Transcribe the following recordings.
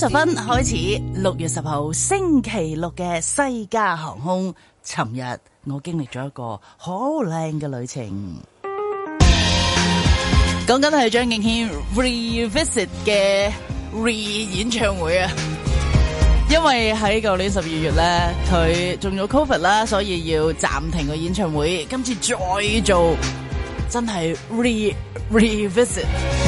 十分開始，六月十號星期六嘅西加航空。尋日我經歷咗一個好靚嘅旅程。講緊係張敬軒 revisit 嘅 re, 嘅 re 演唱會啊！因為喺舊年十二月咧，佢中咗 covid 啦，所以要暫停個演唱會。今次再做真係 re revisit。Re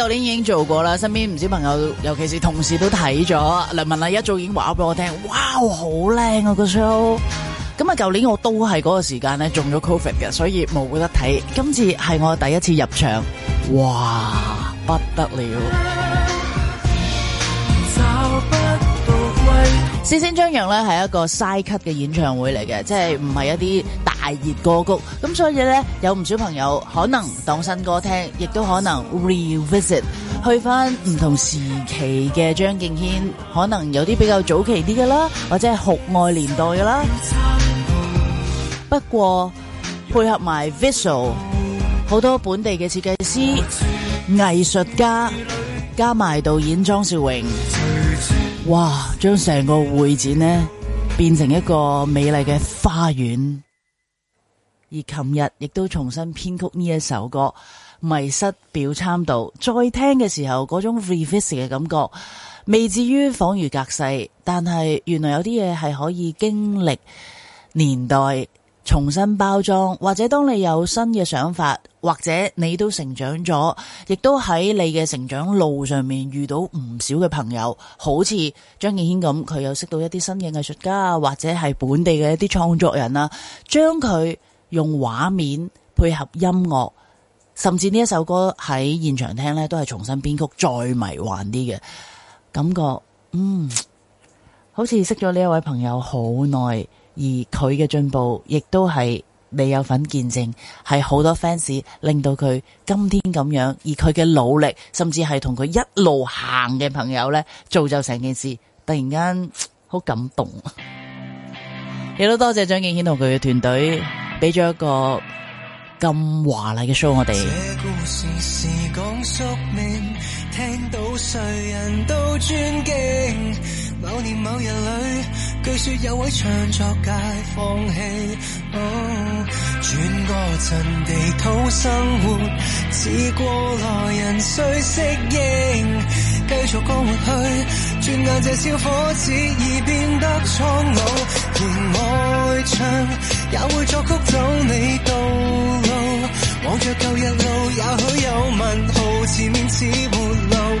舊年已經做過啦，身邊唔少朋友，尤其是同事都睇咗。梁文麗一早已經話俾我聽，哇，好靚啊個 show！咁啊，舊年我都係嗰個時間咧中咗 COVID 嘅，所以冇得睇。今次係我第一次入場，哇，不得了！先呢《事先張揚》咧係一個 side cut 嘅演唱會嚟嘅，即係唔係一啲大熱歌曲。所以咧，有唔少朋友可能當新歌聽，亦都可能 revisit 去翻唔同時期嘅張敬軒，可能有啲比較早期啲嘅啦，或者是酷愛年代嘅啦。不過配合埋 visual，好多本地嘅設計師、藝術家加埋導演莊兆榮，哇！將成個會展變變成一個美麗嘅花園。而琴日亦都重新編曲呢一首歌《迷失表參道》，再聽嘅時候嗰種 revisit 嘅感覺，未至於恍如隔世，但係原來有啲嘢係可以經歷年代重新包裝，或者當你有新嘅想法，或者你都成長咗，亦都喺你嘅成長路上面遇到唔少嘅朋友，好似張敬軒咁，佢又識到一啲新嘅藝術家，或者係本地嘅一啲創作人啊，將佢。用畫面配合音樂，甚至呢一首歌喺現場聽呢，都係重新編曲，再迷幻啲嘅感覺。嗯，好似識咗呢一位朋友好耐，而佢嘅進步亦都係你有份見證，係好多 fans 令到佢今天咁樣，而佢嘅努力，甚至係同佢一路行嘅朋友呢，造就成件事，突然間好感動。亦 都多謝張敬軒同佢嘅團隊。俾咗一個咁華麗嘅 show 我哋。聽到某年某日裏，據說有位唱作界放棄，oh，轉過陣地討生活，似過來人需適應，繼續過活去。轉眼這小伙子已變得蒼老，連愛唱也會作曲走你道路，望着舊日路，也許有問號，前面似沒路。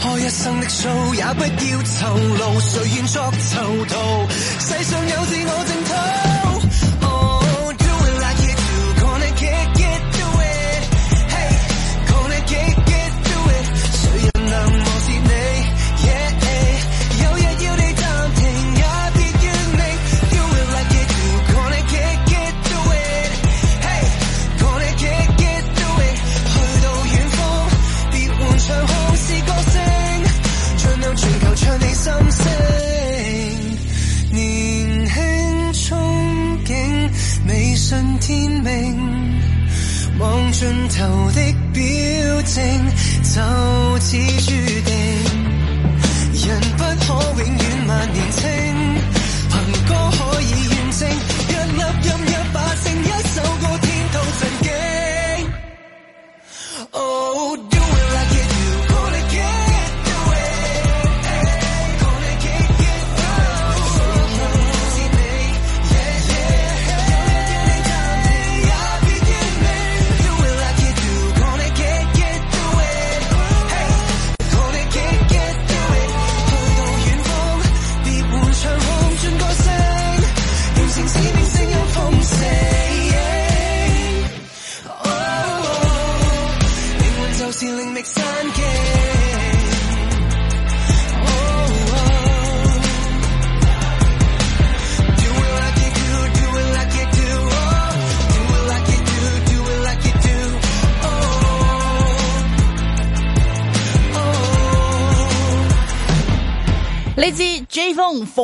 開一生的數，也不要酬勞，誰願作囚徒？世上有自我正。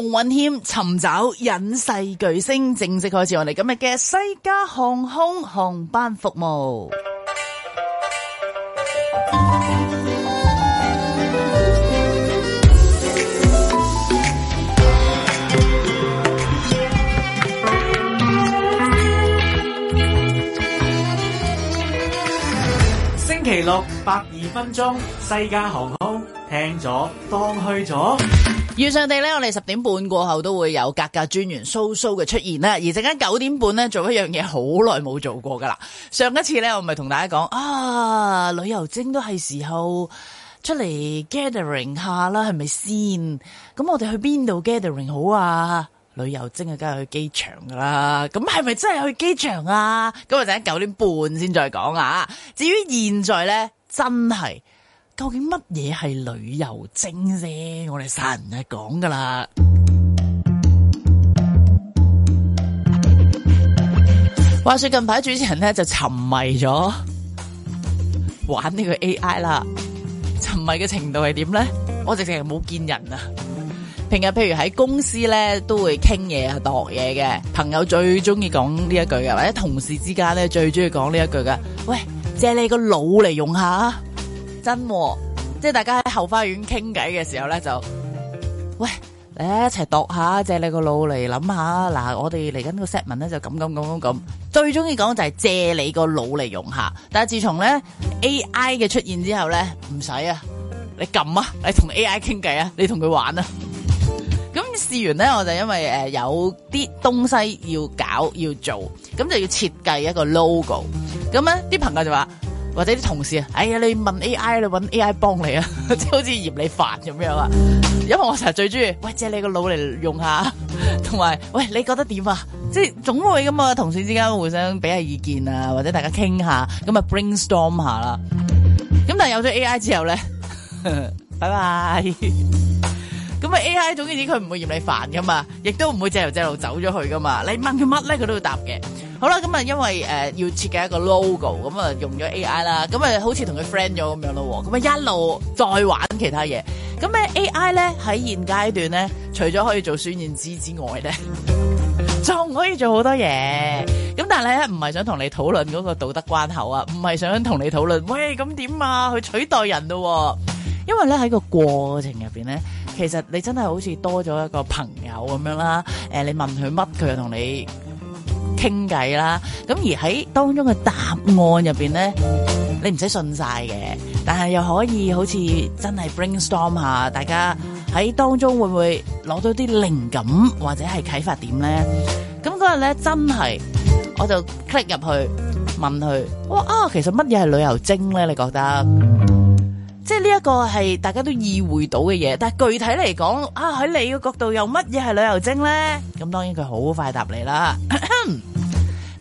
馮允謙尋找隱世巨星正式開始，我哋今日嘅西加航空航班服務。星期六八二分鐘，西加航空聽咗當去咗。遇上地咧，我哋十點半過後都會有格格專員蘇蘇嘅出現啦。而陣間九點半咧，做一樣嘢好耐冇做過噶啦。上一次咧，我咪同大家講啊，旅遊精都係時候出嚟 gathering 下啦，係咪先？咁我哋去邊度 gathering 好啊？旅遊精啊，梗係去機場噶啦。咁係咪真係去機場啊？咁我陣間九點半先再講啊。至於現在咧，真係。究竟乜嘢係旅遊精啫？我哋人啊講噶啦！話說近排主持人咧就沉迷咗玩呢個 AI 啦，沉迷嘅程度係點咧？我直情冇見人啊！平日譬如喺公司咧都會傾嘢啊、度嘢嘅朋友最中意講呢一句嘅，或者同事之間咧最中意講呢一句嘅。喂，借你個腦嚟用下真即係大家喺後花園傾偈嘅時候咧，就喂，你一齊度下借你個腦嚟諗下。嗱，我哋嚟緊個 set 咧就咁咁咁咁咁，最中意講就係借你個腦嚟用下。但係自從咧 A I 嘅出現之後咧，唔使啊，你撳啊，你同 A I 傾偈啊，你同佢玩啊。咁試完咧，我就因為誒、呃、有啲東西要搞要做，咁就要設計一個 logo。咁咧，啲朋友就話。或者啲同事啊，哎呀，你問 AI，你揾 AI 幫你啊，即係好似嫌你煩咁樣啊。因為我成日最中意，喂借你個腦嚟用下，同埋喂你覺得點啊？即係總會咁啊，同事之間互相俾下意見啊，或者大家傾下，咁啊 brainstorm 下啦。咁、嗯、但係有咗 AI 之後咧，拜 拜。咁啊，A I 總之，佢唔會嫌你煩噶嘛，亦都唔會借由借路走咗去噶嘛。你問佢乜咧，佢都會答嘅。好啦，咁啊，因為誒、呃、要設計一個 logo，咁啊用咗 A I 啦，咁啊好似同佢 friend 咗咁樣咯。咁啊一路再玩其他嘢。咁咧 A I 咧喺現階段咧，除咗可以做孫燕姿之外咧，仲 可以做好多嘢。咁但係咧唔係想同你討論嗰個道德關口啊，唔係想同你討論喂咁點啊去取代人咯，哦，因為咧喺個過程入邊咧。其實你真係好似多咗一個朋友咁樣啦，誒，你問佢乜佢又同你傾偈啦。咁而喺當中嘅答案入邊咧，你唔使信晒嘅，但係又可以好似真係 brainstorm 下，大家喺當中會唔會攞到啲靈感或者係啟發點咧？咁嗰日咧真係，我就 click 入去問佢，哇，啊，其實乜嘢係旅遊精咧？你覺得？即係呢一個係大家都意會到嘅嘢，但係具體嚟講啊，喺你嘅角度有乜嘢係旅遊精呢？咁當然佢好快答你啦。咳咳。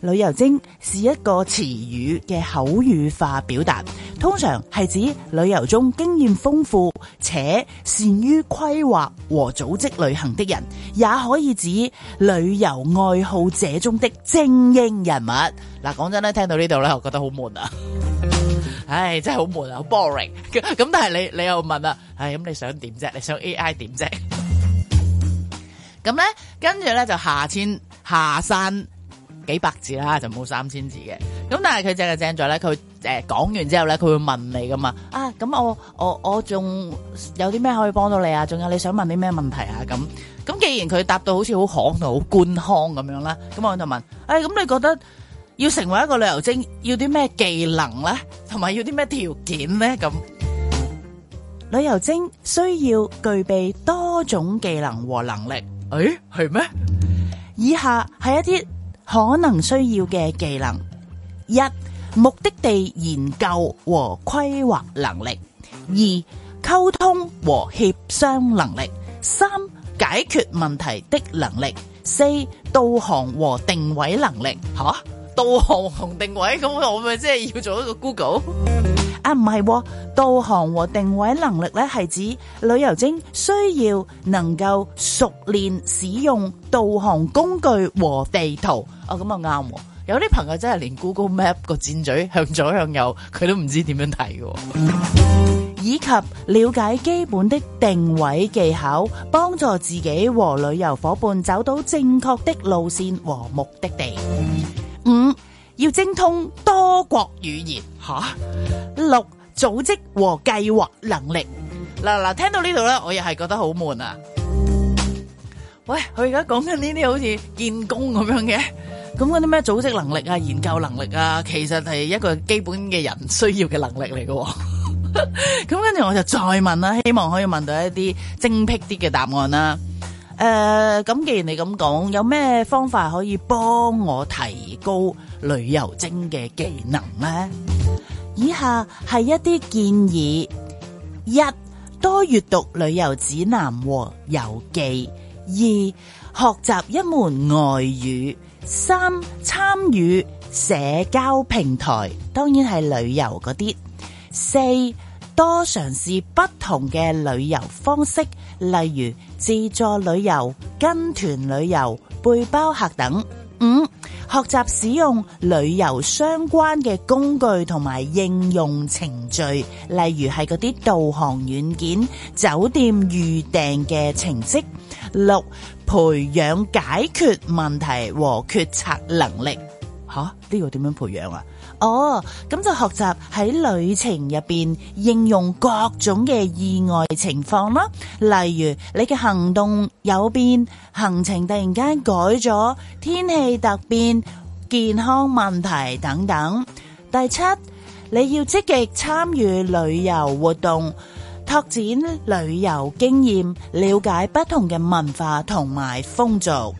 旅遊精是一個詞語嘅口語化表達，通常係指旅遊中經驗豐富且善於規劃和組織旅行的人，也可以指旅遊愛好者中的精英人物。嗱，講真咧，聽到呢度咧，我覺得好悶啊。唉，真係好悶啊，好 boring。咁 但係你你又問啦，唉，咁你想點啫？你想 AI 點啫？咁 咧，跟住咧就下千下山幾百字啦，就冇三千字嘅。咁但係佢正就正在咧，佢誒講完之後咧，佢會問你噶嘛？啊，咁我我我仲有啲咩可以幫到你啊？仲有你想問啲咩問題啊？咁咁既然佢答到好似好巷同好官腔咁樣啦，咁我就問，唉、哎，咁你覺得？要成為一個旅遊精，要啲咩技能呢？同埋要啲咩條件呢？咁旅遊精需要具備多種技能和能力。誒，係咩？以下係一啲可能需要嘅技能：一、目的地研究和規劃能力；二、溝通和協商能力；三、解決問題的能力；四、導航和定位能力。吓？導航同定位咁，我咪即係要做一個 Google 啊？唔係、哦，導航和定位能力咧，係指旅遊精需要能夠熟練使用導航工具和地圖。啊、就哦，咁啊啱。有啲朋友真係連 Google Map 個箭嘴向左向右，佢都唔知點樣睇、哦、 以及了解基本的定位技巧，幫助自己和旅遊夥伴走到正確的路線和目的地。五要精通多國語言吓。六組織和計劃能力嗱嗱。聽到呢度咧，我又係覺得好悶啊！喂，佢而家講緊呢啲好似建功咁樣嘅，咁嗰啲咩組織能力啊、研究能力啊，其實係一個基本嘅人需要嘅能力嚟嘅。咁跟住我就再問啦，希望可以問到一啲精辟啲嘅答案啦。誒，咁既然你咁講，有咩方法可以幫我提高旅遊精嘅技能呢？以下係一啲建議：一、多閱讀旅遊指南和遊記；二、學習一門外語；三、參與社交平台，當然係旅遊嗰啲；四、多嘗試不同嘅旅遊方式，例如，自助旅遊、跟團旅遊、背包客等。五、學習使用旅遊相關嘅工具同埋應用程序，例如係嗰啲導航軟件、酒店預訂嘅程式。六、培養解決問題和決策能力。吓，呢個點樣培養啊？哦，咁、oh, 就學習喺旅程入邊應用各種嘅意外情況啦，例如你嘅行動有變，行程突然間改咗，天氣突變，健康問題等等。第七，你要積極參與旅遊活動，拓展旅遊經驗，了解不同嘅文化同埋風俗。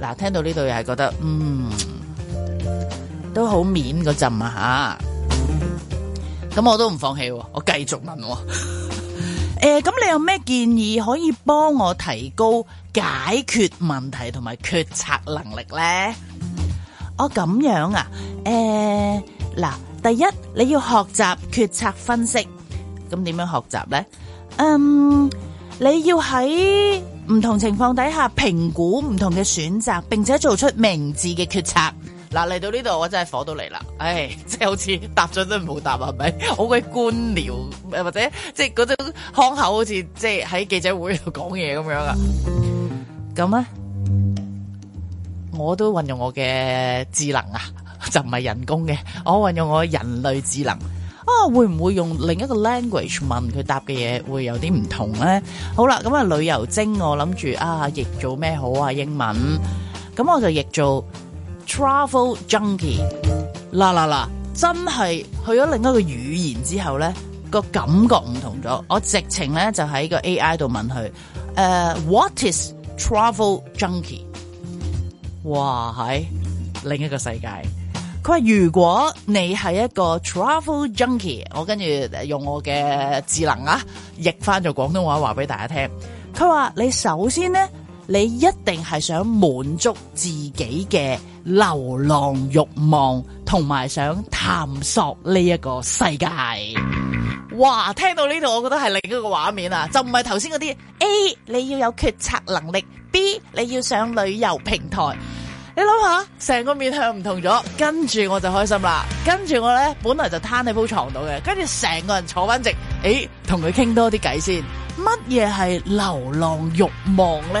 嗱，聽到呢度又係覺得，嗯。都好面嗰陣啊！吓、啊，咁我都唔放棄、啊，我繼續問、啊。誒、 欸，咁你有咩建議可以幫我提高解決問題同埋決策能力呢？我咁、哦、樣啊？誒，嗱，第一你要學習決策分析，咁點樣學習呢？嗯，你要喺唔同情況底下評估唔同嘅選擇，並且做出明智嘅決策。嗱，嚟到呢度我真係火到嚟啦！唉、哎，即係好似答咗都唔好答，係咪好鬼官僚？誒，或者即係嗰種腔口好，好似即係喺記者會度講嘢咁樣啊？咁呢，我都運用我嘅智能啊，就唔係人工嘅，我運用我人類智能。啊，會唔會用另一個 language 問佢答嘅嘢會有啲唔同咧？好啦，咁啊，旅遊精，我諗住啊，譯做咩好啊？英文，咁我就譯做。Travel junkie，嗱嗱嗱，真係去咗另一個語言之後咧，個感覺唔同咗。我直情咧就喺個 AI 度問佢，誒，uh，What is travel junkie？哇，喺另一個世界。佢話如果你係一個 travel junkie，我跟住用我嘅智能啊，譯翻咗廣東話話俾大家聽。佢話你首先咧，你一定係想滿足自己嘅流浪慾望，同埋想探索呢一個世界。哇！聽到呢度，我覺得係另一個畫面啊，就唔係頭先嗰啲 A，你要有決策能力；B，你要上旅遊平台。你諗下，成個面向唔同咗，跟住我就開心啦。跟住我呢，本來就攤喺鋪床度嘅，跟住成個人坐翻直，誒，同佢傾多啲偈先。乜嘢係流浪慾望呢？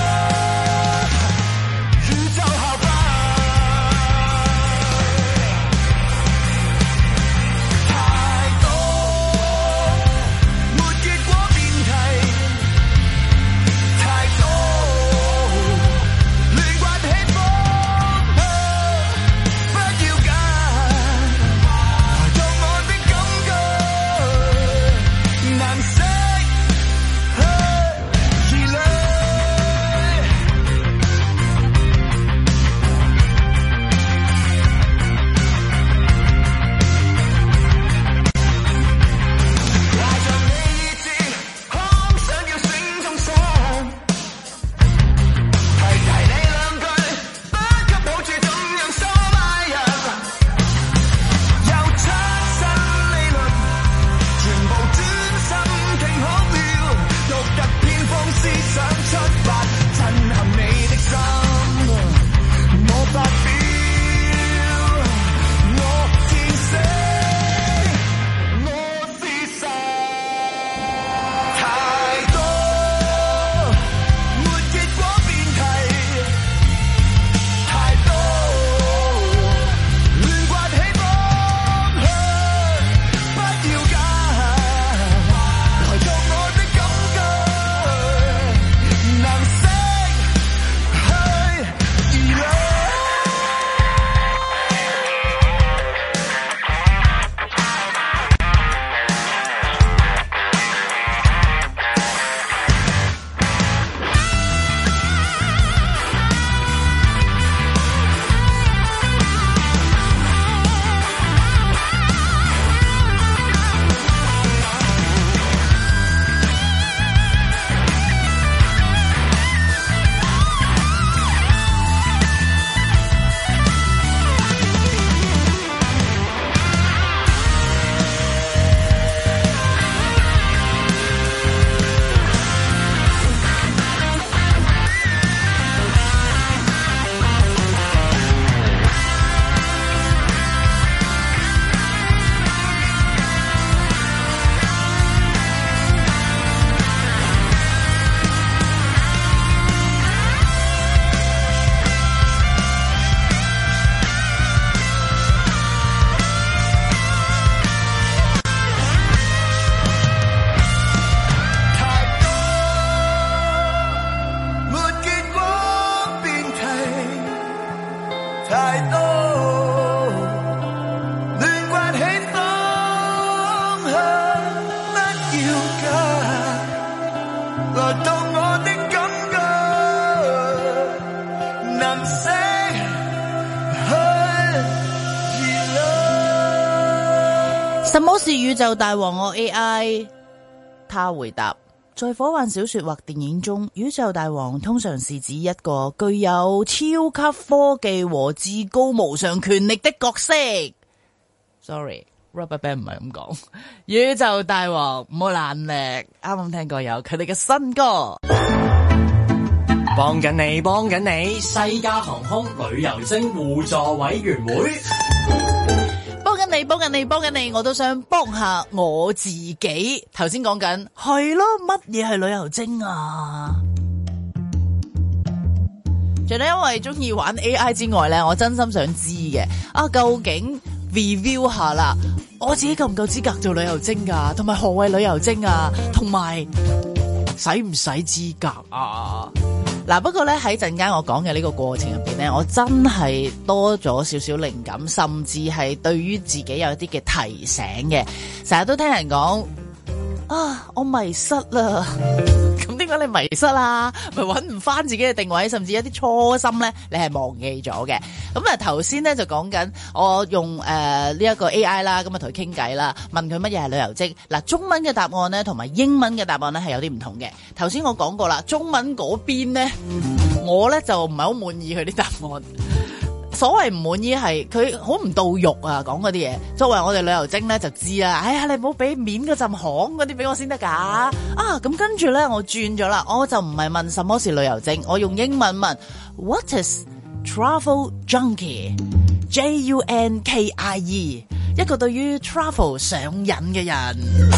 什麼是宇宙大王？我 AI，他回答：在科幻小說或電影中，宇宙大王通常是指一個具有超級科技和至高無上權力的角色。Sorry，Rubberband 唔係咁講。宇宙大王唔好難命，啱啱聽過有佢哋嘅新歌，幫緊你，幫緊你，世界航空旅遊精互助委員會。幫緊你，幫緊你，我都想幫下我自己。頭先講緊係咯，乜嘢係旅遊精啊？除咗因為中意玩 AI 之外咧，我真心想知嘅啊，究竟 review 下啦，我自己夠唔夠資格做旅遊精㗎？同埋何謂旅遊精啊？同埋。使唔使資格啊？嗱、 啊，不過咧喺陣間我講嘅呢個過程入邊咧，我真係多咗少少靈感，甚至係對於自己有一啲嘅提醒嘅。成日都聽人講啊，我迷失啦。 如果你迷失啦，咪揾唔翻自己嘅定位，甚至一啲初心咧，你係忘記咗嘅。咁啊，頭先咧就講緊我用誒呢一個 A I 啦，咁啊同佢傾偈啦，問佢乜嘢係旅遊職？嗱，中文嘅答案咧，同埋英文嘅答案咧係有啲唔同嘅。頭先我講過啦，中文嗰邊咧，我咧就唔係好滿意佢啲答案。所謂唔滿意係佢好唔到肉啊，講嗰啲嘢。作為我哋旅遊精咧就知啦，哎呀你唔好俾面嗰陣行嗰啲俾我先得㗎啊！咁跟住咧我轉咗啦，我就唔係問什麼是旅遊精，我用英文問 What is travel junkie? J U N K I E 一個對於 travel 上癮嘅人。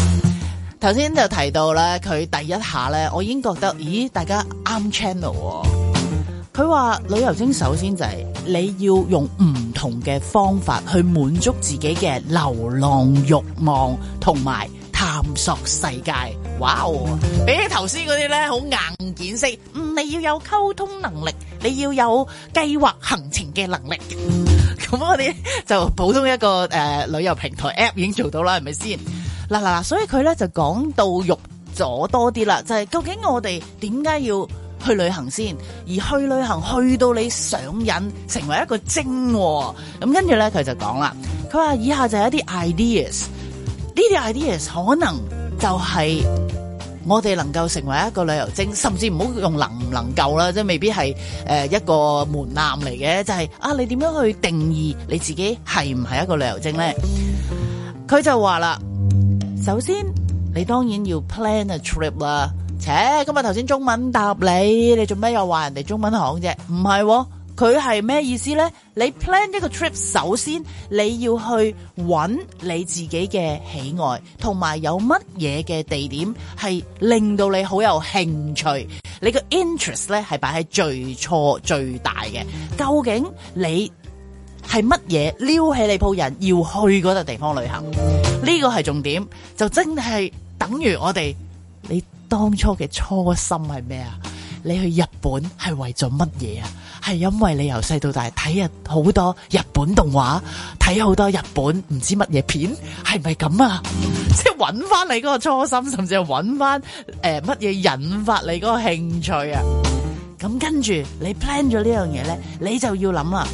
頭先就提到呢，佢第一下咧，我已經覺得咦，大家啱 channel 喎、哦。佢話：旅遊精首先就係你要用唔同嘅方法去滿足自己嘅流浪慾望同埋探索世界。哇、wow!！比起頭先嗰啲呢，好硬見識，嗯，你要有溝通能力，你要有計劃行程嘅能力。咁、嗯、我哋就普通一個誒、呃、旅遊平台 App 已經做到啦，係咪先？嗱嗱嗱，所以佢呢就講到慾咗多啲啦，就係、就是、究竟我哋點解要去旅行先，而去旅行去到你上癮，成為一個精、哦。咁跟住咧，佢就講啦，佢話以下就係一啲 ideas，呢啲 ideas 可能就係我哋能夠成為一個旅遊精，甚至唔好用能唔能夠啦，即係未必係誒、呃、一個門檻嚟嘅，就係、是、啊你點樣去定義你自己係唔係一個旅遊精咧？佢就話啦，首先你當然要 plan a trip 啦。切，今日頭先中文答你，你做咩又話人哋中文行啫？唔係、哦，佢係咩意思呢？你 plan 一個 trip，首先你要去搵你自己嘅喜愛，同埋有乜嘢嘅地點係令到你好有興趣，你個 interest 呢係擺喺最錯、最大嘅。究竟你係乜嘢撩起你鋪人要去嗰笪地方旅行？呢個係重點，就真係等於我哋。你當初嘅初心係咩啊？你去日本係為咗乜嘢啊？係因為你由細到大睇啊好多日本動畫，睇好多日本唔知乜嘢片，係咪咁啊？即係揾翻你嗰個初心，甚至係揾翻誒乜嘢引發你嗰個興趣啊？咁跟住你 plan 咗呢樣嘢咧，你就要諗啦，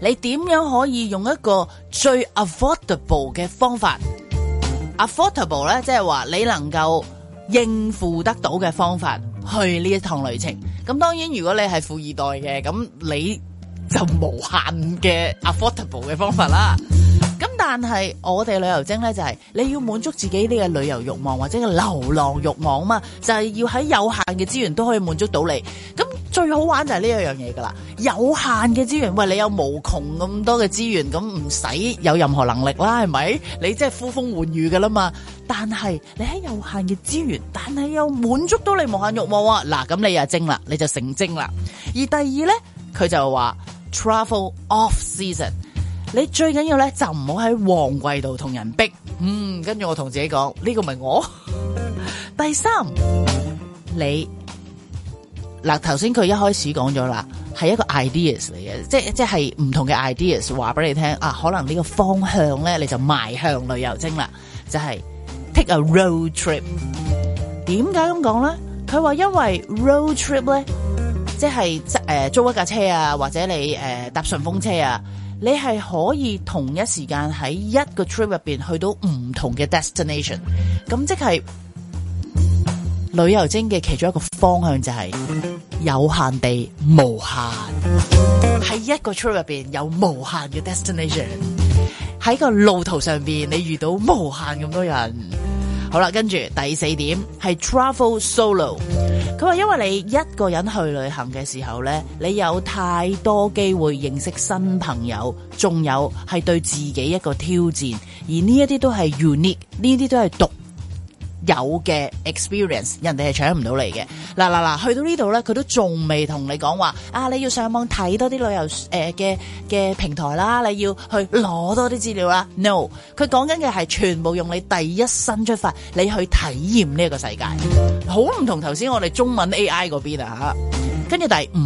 你點樣可以用一個最 affordable 嘅方法？affordable 咧，即係話你能夠應付得到嘅方法去呢一趟旅程。咁當然，如果你係富二代嘅，咁你就無限嘅 affordable 嘅方法啦。咁但係我哋旅遊精咧，就係你要滿足自己呢個旅遊欲望或者係流浪欲望啊嘛，就係要喺有限嘅資源都可以滿足到你。咁最好玩就係呢一樣嘢噶啦，有限嘅資源，喂，你有無窮咁多嘅資源，咁唔使有任何能力啦，係咪？你即係呼風喚雨噶啦嘛？但係你喺有限嘅資源，但係又滿足到你無限欲望啊！嗱，咁你啊精啦，你就成精啦。而第二咧，佢就話 travel off season，你最緊要咧就唔好喺旺季度同人逼。嗯，跟住我同自己講，呢個唔係我。 第三，你。嗱，頭先佢一開始講咗啦，係一個 ideas 嚟嘅，即即係唔同嘅 ideas 話俾你聽啊，可能呢個方向咧你就邁向旅遊精啦，就係、是、take a road trip。點解咁講咧？佢話因為 road trip 咧，即係即、呃、租一架車啊，或者你誒搭順風車啊，你係可以同一時間喺一個 trip 入邊去到唔同嘅 destination，咁即係。旅遊精嘅其中一個方向就係有限地無限，喺一個 trip 入邊有無限嘅 destination，喺個路途上邊你遇到無限咁多人。好啦，跟住第四點係 travel solo。佢話因為你一個人去旅行嘅時候咧，你有太多機會認識新朋友，仲有係對自己一個挑戰，而呢一啲都係 unique，呢啲都係獨。有嘅 experience，人哋係搶唔到你嘅。嗱嗱嗱，去到呢度咧，佢都仲未同你講話啊！你要上網睇多啲旅遊誒嘅嘅平台啦，你要去攞多啲資料啦。No，佢講緊嘅係全部用你第一身出發，你去體驗呢個世界，好唔同頭先我哋中文 AI 嗰邊啊。跟住第五，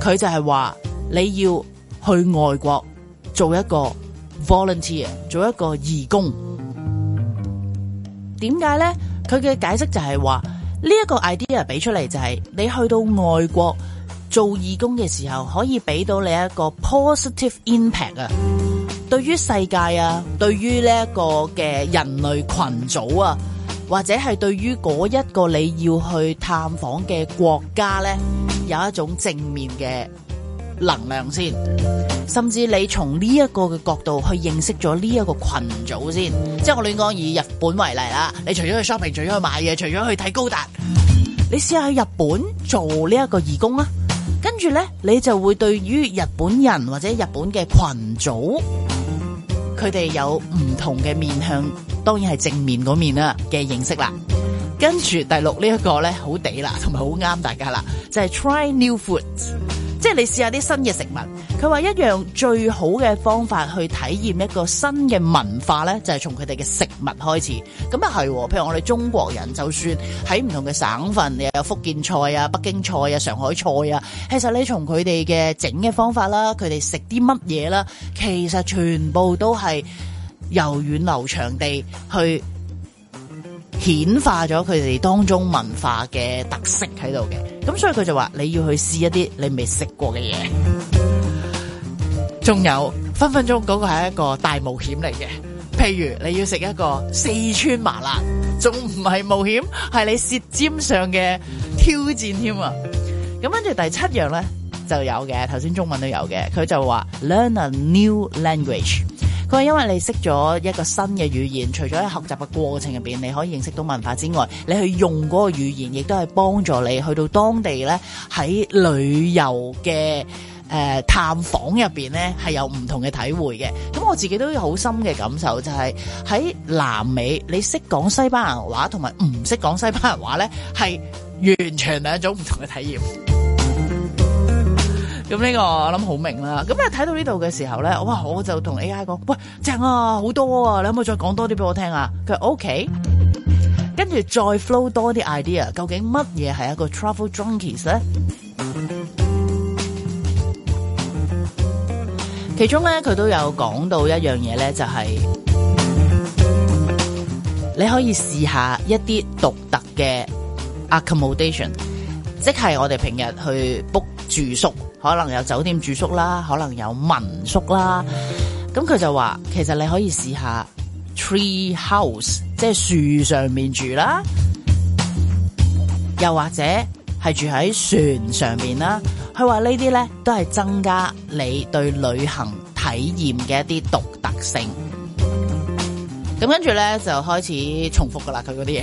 佢就係話你要去外國做一個 volunteer，做一個義工。點解呢？佢嘅解釋就係話呢一個 idea 俾出嚟就係，你去到外國做義工嘅時候，可以俾到你一個 positive impact 啊！對於世界啊，對於呢一個嘅人類群組啊，或者係對於嗰一個你要去探訪嘅國家呢，有一種正面嘅能量先，甚至你從呢一個嘅角度去認識咗呢一個群組先，即係我亂講，以日本為例啦。你除咗去 shopping，除咗去買嘢，除咗去睇高達，你試下去日本做呢一個義工啊！跟住咧，你就會對於日本人或者日本嘅群組，佢哋有唔同嘅面向，當然係正面嗰面啦嘅認識啦。跟住第六呢一個咧，好地啦，同埋好啱大家啦，就係 try new foods 即係你試下啲新嘅食物，佢話一樣最好嘅方法去體驗一個新嘅文化呢就係從佢哋嘅食物開始。咁啊係，譬如我哋中國人，就算喺唔同嘅省份，又有福建菜啊、北京菜啊、上海菜啊，其實你從佢哋嘅整嘅方法啦，佢哋食啲乜嘢啦，其實全部都係源遠流長地去。顯化咗佢哋當中文化嘅特色喺度嘅，咁所以佢就話你要去試一啲你未食過嘅嘢。仲有，分分鐘嗰個係一個大冒險嚟嘅，譬如你要食一個四川麻辣，仲唔係冒險？係你舌尖上嘅挑戰添啊！咁跟住第七樣呢，就有嘅，頭先中文都有嘅，佢就話 Learn a new language。因為你識咗一個新嘅語言，除咗喺學習嘅過程入面你可以認識到文化之外，你去用嗰個語言，亦都係幫助你去到當地呢，喺旅遊嘅、呃、探訪入面呢，係有唔同嘅體會嘅。咁我自己都有好深嘅感受，就係，就係喺南美，你識講西班牙話同埋唔識講西班牙話呢，係完全兩種唔同嘅體驗。咁呢個我諗好明啦。咁咧睇到呢度嘅時候咧，哇！我就同 A. I. 講，喂，正啊，好多啊，你可唔可以再講多啲俾我聽啊？佢話 O. K.，跟住再 flow 多啲 idea。究竟乜嘢係一個 travel drunkies 咧？其中咧佢都有講到一樣嘢咧，就係、是、你可以試一下一啲獨特嘅 accommodation，即係我哋平日去 book 住宿。可能有酒店住宿啦，可能有民宿啦，咁佢就話其實你可以試下 tree house，即係樹上面住啦，又或者係住喺船上面啦。佢話呢啲呢都係增加你對旅行體驗嘅一啲獨特性。咁跟住呢，就開始重複噶啦，佢嗰啲嘢。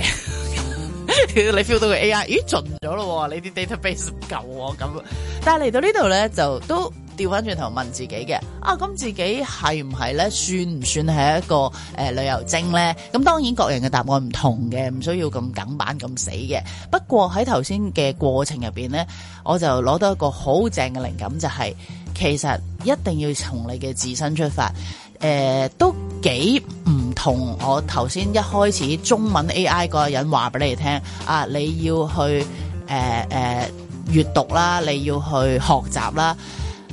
你 feel 到個 AI 咦盡咗咯，你啲 database 唔夠喎。咁，但係嚟到呢度咧就都調翻轉頭問自己嘅，啊咁自己係唔係咧，算唔算係一個誒、呃、旅遊精咧？咁當然各人嘅答案唔同嘅，唔需要咁梗板咁死嘅。不過喺頭先嘅過程入邊咧，我就攞到一個好正嘅靈感，就是，就係其實一定要從你嘅自身出發。誒、呃、都幾唔同我頭先一開始中文 AI 嗰個人話俾你聽，啊你要去誒誒閱讀啦，你要去學習啦、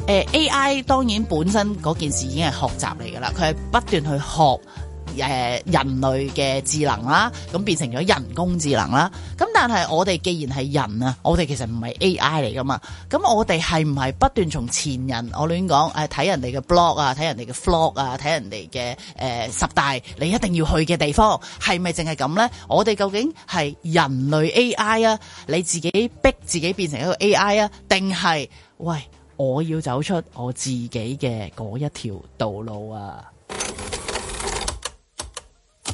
呃。AI 當然本身嗰件事已經係學習嚟㗎啦，佢係不斷去學。誒人類嘅智能啦，咁變成咗人工智能啦。咁但係我哋既然係人啊，我哋其實唔係 AI 嚟㗎嘛。咁我哋係唔係不斷從前人，我亂講誒，睇人哋嘅 blog 啊，睇人哋嘅 vlog 啊，睇人哋嘅誒十大，你一定要去嘅地方，係咪淨係咁呢？我哋究竟係人類 AI 啊？你自己逼自己變成一個 AI 啊？定係喂，我要走出我自己嘅嗰一條道路啊？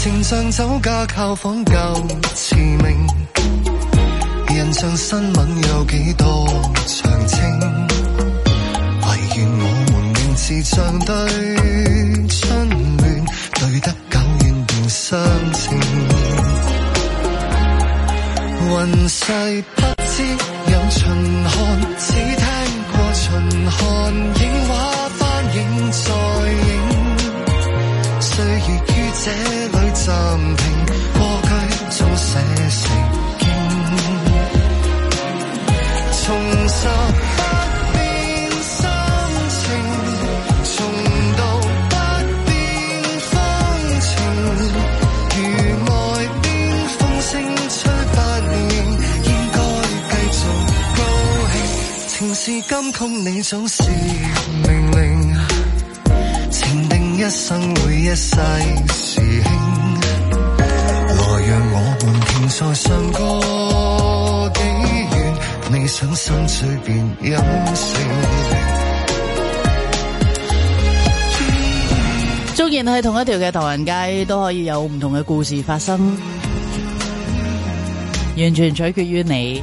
情像酒家靠仿舊馳名，人像新聞有幾多詳情？唯願我們名字相對春暖，對得久遠便深情。雲世不知有秦漢，只聽過秦漢影畫翻影再影，歲月於這。通，你總是命令，情定一生會一世時興，來讓我們停在上個的願你想心碎便任性。縱然喺同一條嘅唐人街，都可以有唔同嘅故事發生，完全取決於你。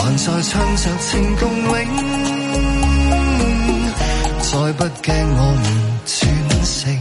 還在唱著情共永，再不驚我們轉性。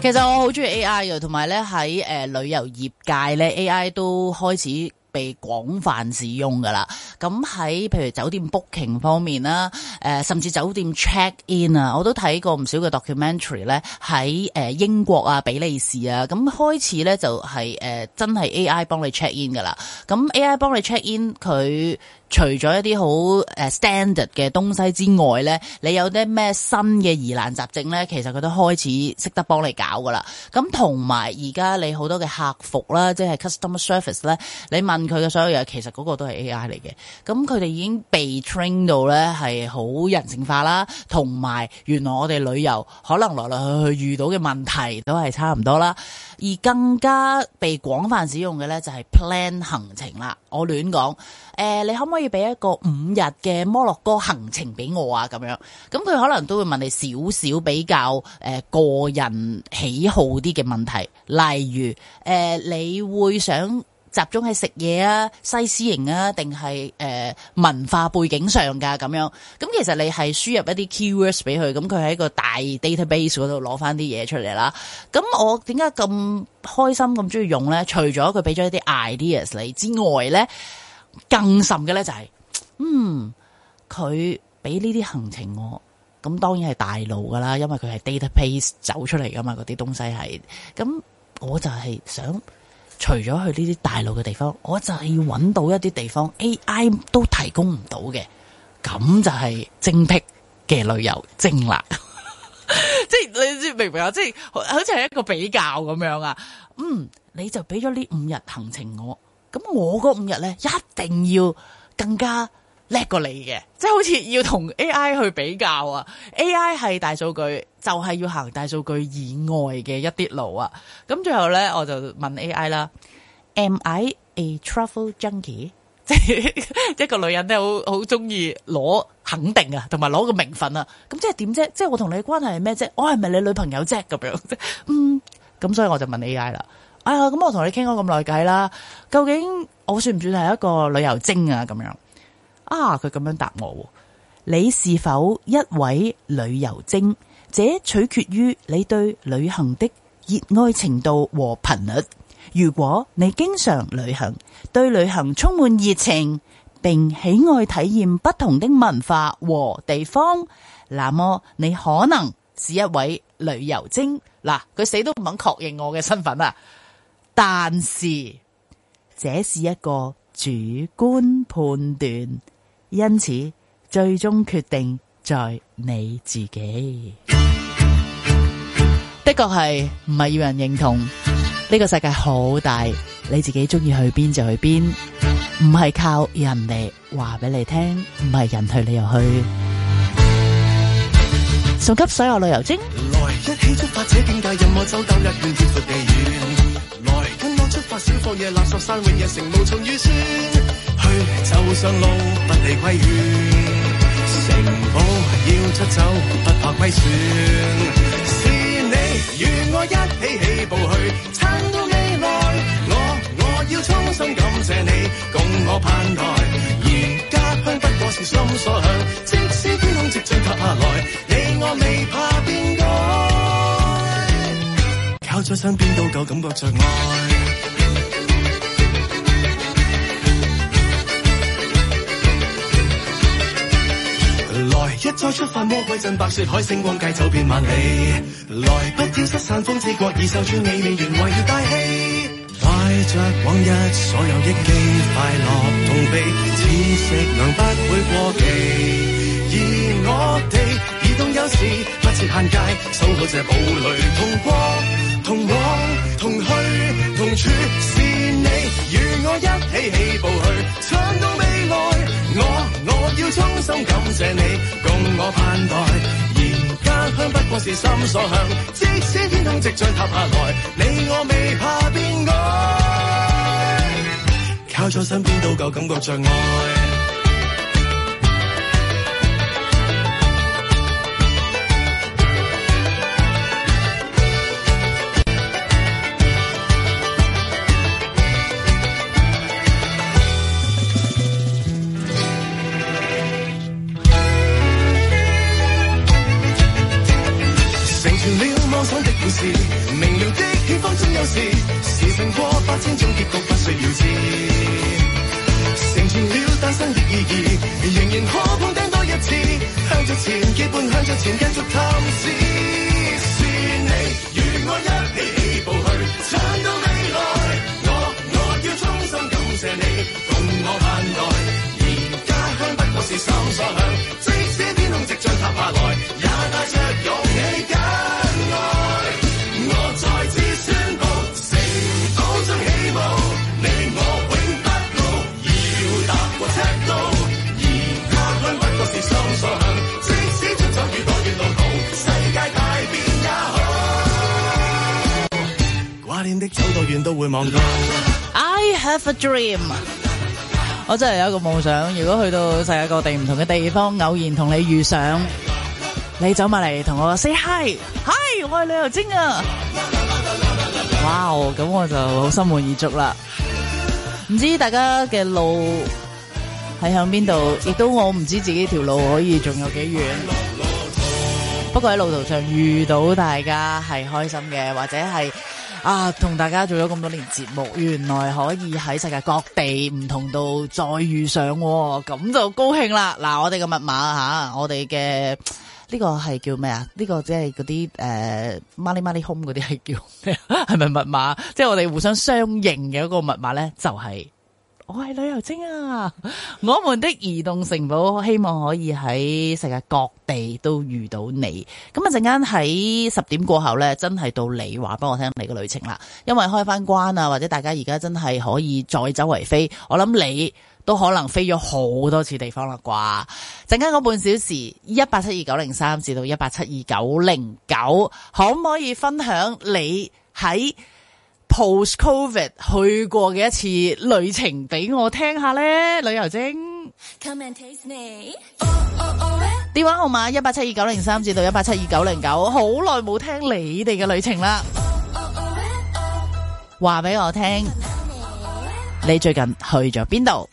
其實我好鍾意 AI 嘅，同埋咧喺誒旅遊業界咧，AI 都開始被廣泛使用噶啦，咁喺譬如酒店 booking 方面啦、呃，甚至酒店 check in 啊，我都睇過唔少嘅 documentary 咧，喺呃英國啊、比利時啊，咁開始咧就係、是呃、真係 AI 幫你 check in 噶啦，咁 AI 幫你 check in 佢。除咗一啲好 standard 嘅東西之外呢，你有啲咩新嘅疑難雜症呢？其實佢都開始識得幫你搞㗎喇。咁同埋而家你好多嘅客服啦，即係 customer service 呢，你問佢嘅所有嘢，其實嗰個都係 AI 嚟嘅。咁佢哋已經被 train 到呢係好人性化啦，同埋原來我哋旅遊可能來來去去遇到嘅問題都係差唔多啦。而更加被廣泛使用嘅咧就係 plan 行程啦，我亂講，誒、呃、你可唔可以俾一個五日嘅摩洛哥行程俾我啊？咁樣，咁佢可能都會問你少少比較誒、呃、個人喜好啲嘅問題，例如誒、呃、你會想集中喺食嘢啊、西施型啊，定係誒文化背景上噶咁樣。咁其實你係輸入一啲 keywords 俾佢，咁佢喺個大 database 嗰度攞翻啲嘢出嚟啦。咁我點解咁開心咁中意用咧？除咗佢俾咗一啲 ideas 你之外咧，更甚嘅咧就係、是，嗯，佢俾呢啲行程我，咁當然係大路噶啦，因為佢係 database 走出嚟噶嘛，嗰啲東西係。咁我就係想。除咗去呢啲大陸嘅地方，我就係要揾到一啲地方 AI 都提供唔到嘅，咁就係精闢嘅旅遊精啦。 即係你明唔明啊？即係好似係一個比較咁樣啊。嗯，你就俾咗呢五日行程我，咁我嗰五日咧一定要更加。叻過你嘅，即係好似要同 A.I. 去比較啊。A.I. 係大數據，就係要行大數據以外嘅一啲路啊。咁最後咧，我就問 A.I. 啦：Am I a travel junkie？即係一個女人咧，好好中意攞肯定啊，同埋攞個名分啊。咁即係點啫？即係我同你關係係咩啫？我係咪你女朋友啫？咁樣，嗯，咁所以我就問 A.I. 啦。哎呀，咁我同你傾咗咁耐偈啦，究竟我算唔算係一個旅遊精啊？咁樣。啊！佢咁樣答我，你是否一位旅遊精？這取決於你對旅行的熱愛程度和頻率。如果你經常旅行，對旅行充滿熱情，並喜愛體驗不同的文化和地方，那麼你可能是一位旅遊精。嗱，佢死都唔肯確認我嘅身份啊！但是，這是一個主觀判斷。因此，最終決定在你自己的確是。的確係唔係要人認同？呢、這個世界好大，你自己中意去邊就去邊，唔係靠人哋話俾你聽，唔係人去你又去。送給所有旅遊精。來一起出發者走上路不，不理規勸；城堡要出走，不怕虧損。 是你與我一起起步去，撐到未來。我我要衷心感謝你，共我盼待。而家鄉不過是心所向，即使天空即將塌下來，你我未怕變改。靠咗身邊都夠感覺着愛。來，一再出發，魔鬼陣白雪海，星光界，走遍萬里。來，不要失散風，風之國已受穿你，美，原為了大氣。帶着往日所有憶記，快樂痛悲，似食糧不會過期。而我哋移動有時不設限界，守好這堡壘，同過同往同去同處，是你與我一起起步去，唱到尾。我我要衷心感謝你，共我盼待，而家鄉不過是心所向。即使天空即將塌下來，你我未怕變改，靠在身邊都夠感覺着愛。明了的遠方總有時。For dream，我真係有一個夢想，如果去到世界各地唔同嘅地方，偶然同你遇上，你走埋嚟同我 say hi，hi，我係旅遊精啊！哇，咁我就好心滿意足啦。唔知大家嘅路喺向邊度，亦都我唔知自己條路可以仲有幾遠。不過喺路途上遇到大家係開心嘅，或者係。啊，同大家做咗咁多年節目，原來可以喺世界各地唔同度再遇上，哦，咁就高興啦！嗱，我哋嘅密碼吓，我哋嘅呢個係叫咩啊？呢個即係嗰啲誒，money money home 嗰啲係叫咩？係咪密碼？即、啊、係我哋、這個這個呃 就是、互相相認嘅一個密碼咧，就係、是。我係旅遊精啊！我們的移動城堡，希望可以喺世界各地都遇到你。咁啊陣間喺十點過後呢，真係到你話俾我聽你個旅程啦。因為開翻關啊，或者大家而家真係可以再周圍飛。我諗你都可能飛咗好多次地方啦啩。陣間嗰半小時一八七二九零三至到一八七二九零九，可唔可以分享你喺？Post Covid 去過嘅一次旅程俾我聽下咧，旅遊精。Come and taste me. 電話號碼一八七二九零三至到一八七二九零九，好耐冇聽你哋嘅旅程啦，話俾、oh, oh, oh. oh. 我聽，oh, oh, oh. 你最近去咗邊度？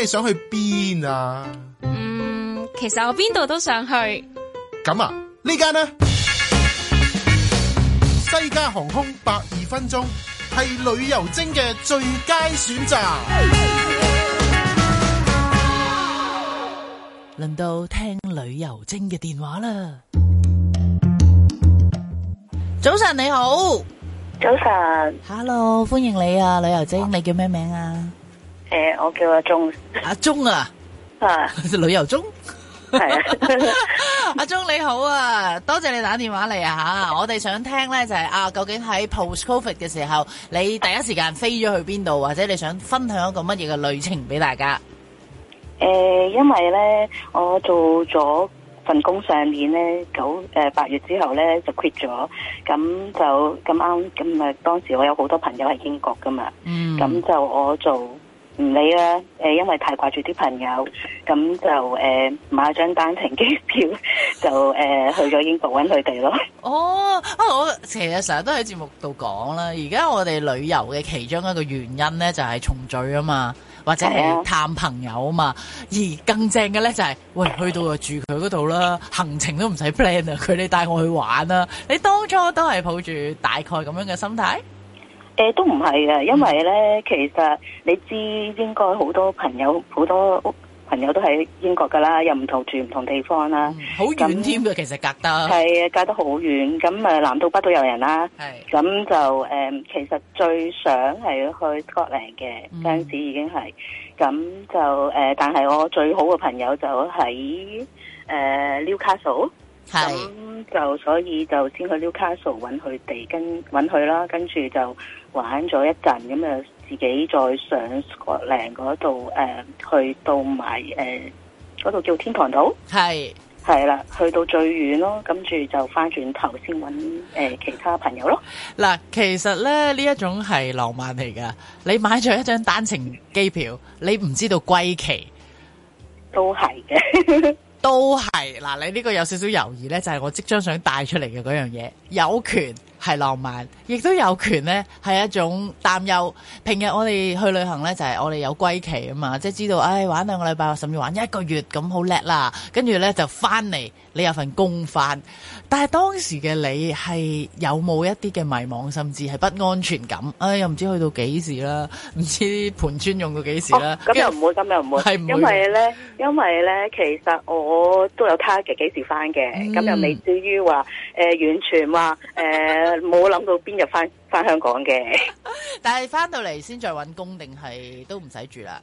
你想去邊啊？嗯，其實我邊度都想去。咁啊，呢間呢？西加 航空百二分鐘係旅遊精嘅最佳選擇。輪 到聽旅遊精嘅電話啦。早晨你好，早晨上，Hello，歡迎你啊，旅遊精， 你叫咩名啊？誒、呃，我叫阿鍾，阿鍾啊，啊，旅遊中，係是啊， 阿鍾你好啊，多謝你打電話嚟啊吓， 我哋想聽咧就係、是、啊，究竟喺 post covid 嘅時候，你第一時間飛咗去邊度，或者你想分享一個乜嘢嘅旅程俾大家？誒、呃，因為咧我做咗份工，上年咧九誒八月之後咧就 quit 咗，咁就咁啱咁啊，當時我有好多朋友喺英國噶嘛，咁、嗯、就我做。唔理啊，因為太掛住啲朋友，咁就誒、呃、買咗張單程機票，就誒、呃、去咗英國揾佢哋咯。哦，啊，我成日成日都喺節目度講啦，而家我哋旅遊嘅其中一個原因咧，就係、是、重聚啊嘛，或者係探朋友啊嘛，啊而更正嘅咧就係、是，喂，去到就住佢嗰度啦，行程都唔使 plan 啊，佢哋帶我去玩啦、啊。你當初都係抱住大概咁樣嘅心態？誒、呃，都唔係嘅，因為咧，嗯、其實你知應該好多朋友，好多屋朋友都喺英國噶啦，又唔同住唔同地方啦，好遠添嘅，那其實隔得係隔得好遠，咁誒南到北都有人啦，係咁是的 就誒、呃，其實最想係去 Scotland 嘅，嗰陣時、嗯、已經係，咁就誒、呃，但係我最好嘅朋友就喺誒 Newcastle 咁是就所以就先去 Newcastle 揾佢哋跟揾佢啦，跟住就玩咗一陣，咁啊自己再上國嶺嗰度誒去到埋誒嗰度叫天堂島，係係啦，去到最遠咯，跟住就翻轉頭先揾誒其他朋友咯。嗱，其實咧呢一種係浪漫嚟噶，你買咗一張單程機票，嗯、你唔知道歸期，都係是嘅。 都係嗱，你呢個有少少猶豫呢，就係我即將想帶出嚟嘅嗰樣嘢，有權係浪漫，亦都有權呢，係一種擔憂。平日我哋去旅行呢，就係我哋有歸期啊嘛，即係知道，唉，玩兩個禮拜，甚至玩一個月咁好叻啦，跟住呢，就翻嚟。你有份工翻，但係當時嘅你係有冇一啲嘅迷茫，甚至係不安全感？唉、哎，又唔知去到幾時啦，唔知盤川用到幾時啦。咁、哦、又唔會，咁又唔會，會因為咧， 因為咧，其實我都有卡嘅，幾時翻嘅。咁又未至於話誒、呃，完全話誒冇諗到邊日翻翻香港嘅。 但係翻到嚟先再搵工，定係都唔使住啦。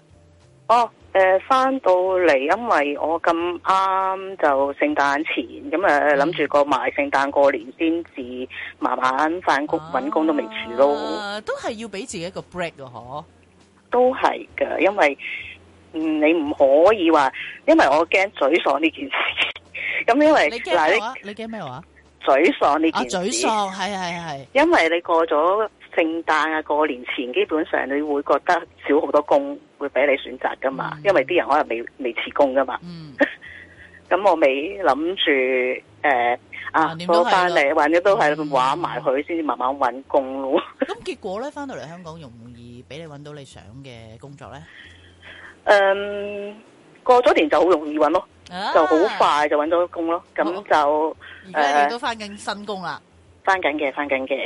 哦。誒，翻到嚟，因為我咁啱就聖誕前，咁誒諗住過埋聖誕過年先至慢慢翻，啊，工搵工都未遲咯。都係要俾自己一個 break 咯。嗬？都係噶，因為嗯，你唔可以話，因為我驚沮喪呢件事。咁因為嗱，啊，你你驚咩話？沮喪呢件事。啊，嘴沮喪，係係係。因為你過咗。聖誕啊，過年前基本上你會覺得少好多工，會俾你選擇噶嘛？因為啲人可能未未辭工噶嘛。嗯。咁我未諗住誒啊，攞翻嚟，或者都係玩埋佢，先至慢慢搵工咯。咁結果咧，翻到嚟香港容易俾你搵到你想嘅工作咧？誒，過咗年就好容易搵咯，就好快就搵到工咯。咁就而家亦都翻緊新工啦，翻緊嘅，翻緊嘅。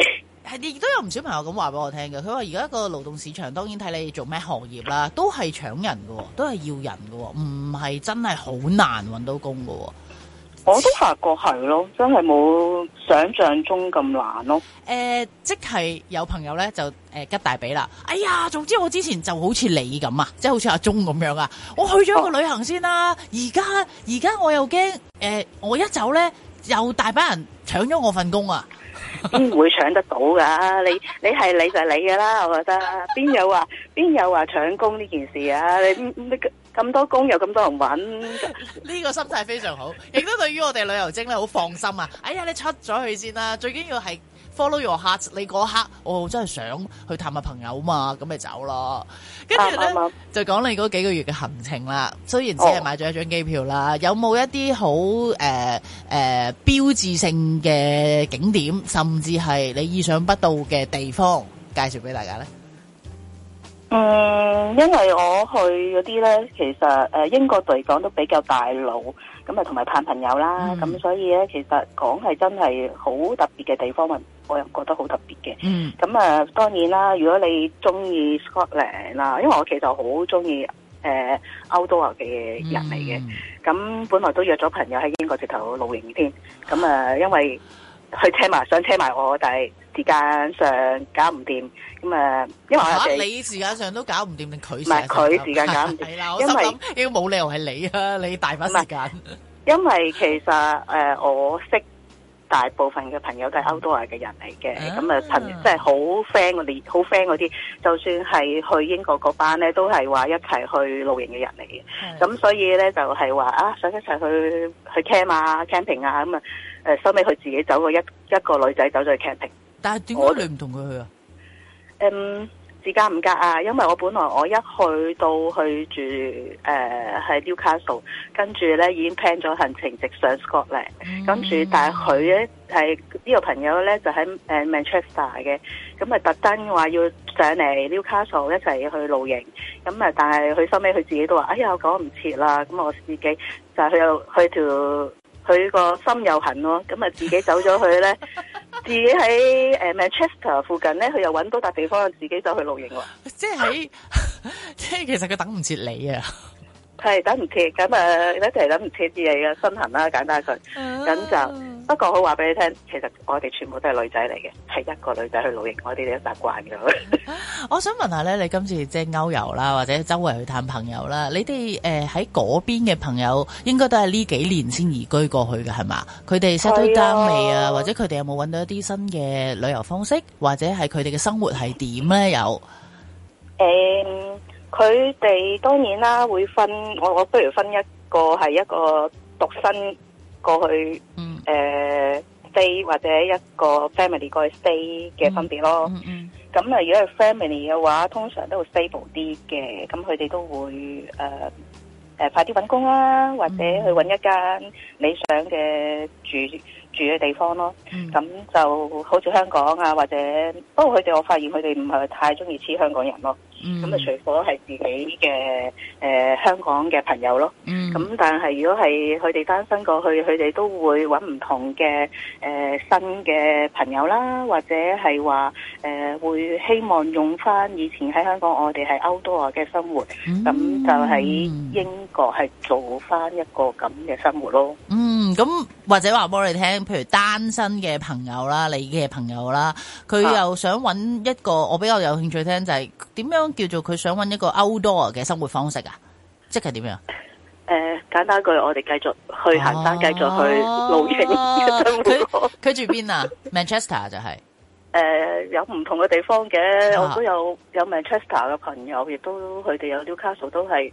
係亦都有唔少朋友咁話俾我聽嘅，佢話而家個勞動市場，當然睇你做咩行業啦，都係搶人喎，都係要人喎，唔係真係好難搵到工喎。我都發覺係咯，真係冇想象中咁難咯。誒、呃，即係有朋友咧就誒、呃、吉大髀啦，哎呀，總之我之前就好似你咁啊，即係好似阿鍾咁樣啊，我去咗一個旅行先啦，啊，而家而家我又驚誒、呃，我一走咧又大把人搶咗我份工啊！邊 會搶得到噶？你你係你就係你噶啦，我覺得邊有話邊有話搶工呢件事啊？你咁多工有咁多人搵，呢個心態非常好， 亦都對於我哋旅遊精咧好放心啊！哎呀，你出咗去先啦，最緊要係。follow 你嗰刻，我、哦、真係想去探下朋友啊嘛，咁咪走咯。跟住咧就講你嗰幾個月嘅行程啦。雖然只係買咗一張機票啦，哦、有冇一啲好誒誒標誌性嘅景點，甚至係你意想不到嘅地方，介紹俾大家咧？嗯，因為我去嗰啲咧，其實誒、呃、英國嚟講都比較大路。咁啊，同埋盼朋友啦，咁、嗯、所以咧，其實講係真係好特別嘅地方，我又覺得好特別嘅。咁、嗯、啊，當然啦，如果你中意 Scotland 啦，因為我其實好中意誒 Outdoor 嘅人嚟嘅，咁、嗯、本來都約咗朋友喺英國直頭露營添。咁啊，因為佢車埋想車埋我，但係，時間上搞唔掂咁啊，因為、啊、你時間上都搞唔掂定佢？唔係佢時間搞唔掂，係 啦，因為我心諗冇為理由係你啊，你大把時間。因為其實誒、呃，我識大部分嘅朋友都係 Outdoor 嘅人嚟嘅，咁啊，朋即係好 friend 嗰啲，好 friend 嗰啲，就算係去英國嗰班咧，都係話一齊去露營嘅人嚟嘅。咁、嗯、所以咧就係、是、話啊，想一齊去去 cam 啊、camping 啊，咁啊，誒收尾佢自己走過一一個女仔走咗去 camping。但係點解你唔同佢去啊？嗯，時間唔夾啊，因為我本來我一去到去住呃，喺 Newcastle，跟住咧已經 plan 咗行程直上 Scotland、嗯、跟住但係佢咧係呢個朋友咧就喺 Manchester 嘅，咁啊特登話要上嚟 Newcastle 一齊去露營，咁啊但係佢收尾佢自己都話：哎呀，我講唔切啦，咁我自己就去去條。佢個心又痕咯，咁啊自己走咗去咧， 自己喺誒、呃、Manchester 附近咧，佢又搵到笪地方，自己走去露營喎。即係是、啊、即係，其實佢等唔切你啊，係等唔切，咁啊一齊等唔切啲嘢噶，身痕啦，簡單佢，咁 就。不過，好話俾你聽，其實我哋全部都係女仔嚟嘅，係一個女仔去露營，我哋哋習慣咗。 我想問下咧，你今次即係歐遊啦，或者周圍去探朋友啦，你哋喺嗰邊嘅朋友應該都係呢幾年先移居過去嘅，係嘛？佢哋 set up 未啊？或者佢哋有冇揾到一啲新嘅旅遊方式，或者係佢哋嘅生活係點咧？有誒，佢哋、um，當然啦，會分我我不如分一個係一個獨身。過去，誒、嗯呃、stay 或者一個 family 過去 stay 嘅分別咯。咁啊、嗯嗯嗯，如果係 family 嘅話，通常都會 stable 啲嘅。咁佢哋都會誒誒快啲搵工啦，或者去搵一間理想嘅住住嘅地方咯。咁、嗯、就好似香港啊，或者不過佢哋我發現佢哋唔係太中意黐香港人咯。咁啊，嗯、除咗係自己嘅誒、呃、香港嘅朋友咯，嗯，咁但係如果係佢哋單身過去，佢哋都會揾唔同嘅誒、呃、新嘅朋友啦，或者係話誒會希望用翻以前喺香港我哋係 outdoor 嘅生活，咁、嗯、就喺英國係做翻一個咁嘅生活咯。嗯，咁或者話俾我哋聽，譬如單身嘅朋友啦，你嘅朋友啦，佢又想揾一個我比較有興趣聽就係、是、點樣。叫做佢想揾一個 outdoor 嘅生活方式啊，即係點樣？誒、呃，簡單句，我哋繼續去行山，繼、啊、續去露營佢、啊、呵住邊啊 ？Manchester 就係、是、誒、呃，有唔同嘅地方嘅，我都有有 Manchester 嘅朋友，亦都佢哋有 Newcastle 都係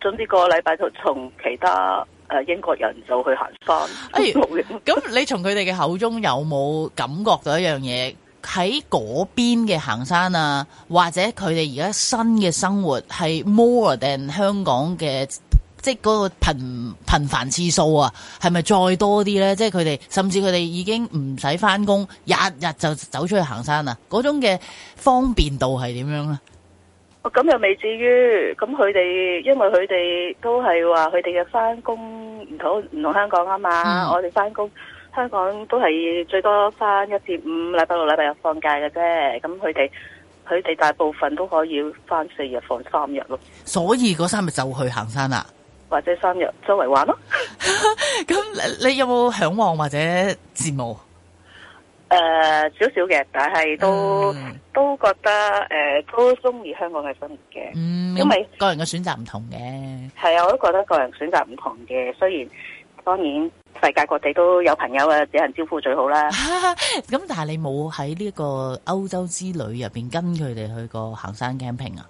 總之個禮拜就從其他誒、呃、英國人就去行山。咁、哎、呦營你從佢哋嘅口中有冇感覺到一樣嘢？喺嗰邊嘅行山啊，或者佢哋而家新嘅生活係 more than 香港嘅，即係嗰個頻頻繁次數啊，係咪再多啲呢？即係佢哋甚至佢哋已經唔使翻工，日日就走出去行山啊！嗰種嘅方便度係點樣呢？咁又未至於，咁佢哋因為佢哋都係話佢哋嘅翻工唔同唔同香港啊嘛，我哋翻工。香港都係最多返一至五，禮拜六禮拜日放假嘅啫，咁佢哋佢哋大部分都可以返四日放三日咯。所以嗰三日就去行山啦，或者三日周圍玩咯，啊。咁 你，你有冇向往或者羨慕？誒、呃，少少嘅，但係都、嗯、都覺得誒、呃、都中意香港嘅生活嘅，嗯、因為個人嘅選擇唔同嘅。係啊，我都覺得個人選擇唔同嘅，雖然當然。世界各地都有朋友啊，只肯招呼最好啦。咁 但係你冇喺呢個歐洲之旅入邊跟佢哋去過行山 camping 啊？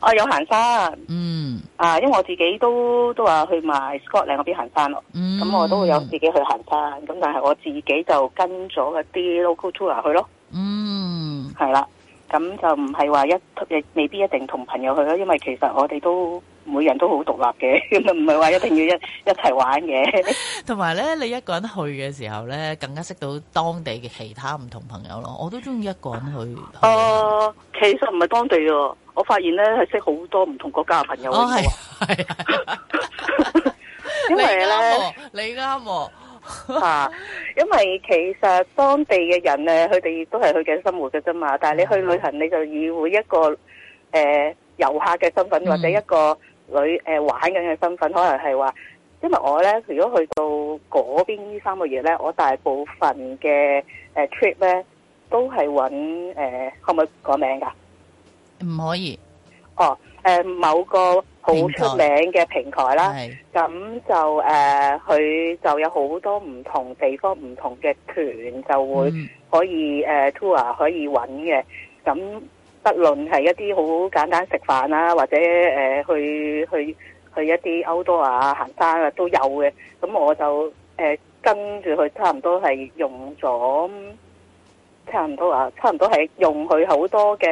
哦，有行山，嗯，啊，因為我自己都都話去埋 Scotland 嗰邊行山咯。咁、嗯、我都會有自己去行山，咁但係我自己就跟咗一啲 local tour 去咯。嗯，係啦，咁就唔係話一亦未必一定同朋友去咯，因為其實我哋都。每人都好獨立嘅，咁咪唔係話一定要一一齊玩嘅。同埋咧，你一個人去嘅時候咧，更加識到當地嘅其他唔同朋友咯。我都中意一個人去。誒、呃，去其實唔係當地喎，我發現咧佢識好多唔同國家嘅朋友。哦，因為咧、哦，你啱喎、哦、 因為其實當地嘅人咧，佢哋都係去緊生活嘅啫嘛。但係你去旅行，你就以會一個誒、呃、遊客嘅身份或者一個、嗯，女誒、呃、玩緊嘅身份，可能係話，因為我咧，如果去到嗰邊呢三個月咧，我大部分嘅、呃、trip 咧，都係揾誒，可唔可以改名㗎？唔可以。哦，誒、呃，某個好出名嘅平台啦，咁就誒，佢、呃、就有好多唔同地方、唔同嘅團，就會可以 tour、嗯、可以揾嘅咁。.不論係一啲好簡單食飯啊，或者誒、呃、去去去一啲 outdoor 啊行山啊，都有嘅，咁、嗯、我就誒、呃、跟住，佢差唔多係用咗差唔多啊，差唔多係用佢好多嘅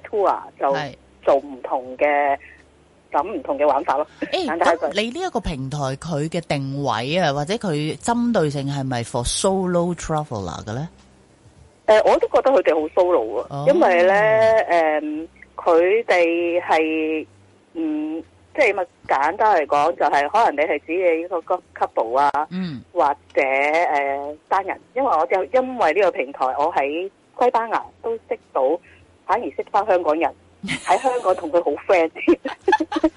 誒 tour 就做唔同嘅咁唔同嘅玩法咯。誒、欸、咁 你呢一個平台佢嘅定位啊，或者佢針對性係咪 for solo traveller 嘅咧？誒、呃，我都覺得佢哋好 solo 啊，oh。因為咧，誒、呃，佢哋係嗯，即係咪簡單嚟講，就係可能你係指嘅一個 group couple 啊，嗯，mm。或者誒、呃、單人，因為我哋因為呢個平台，我喺西班牙都識到，反而識翻香港人喺 香港同佢好 friend。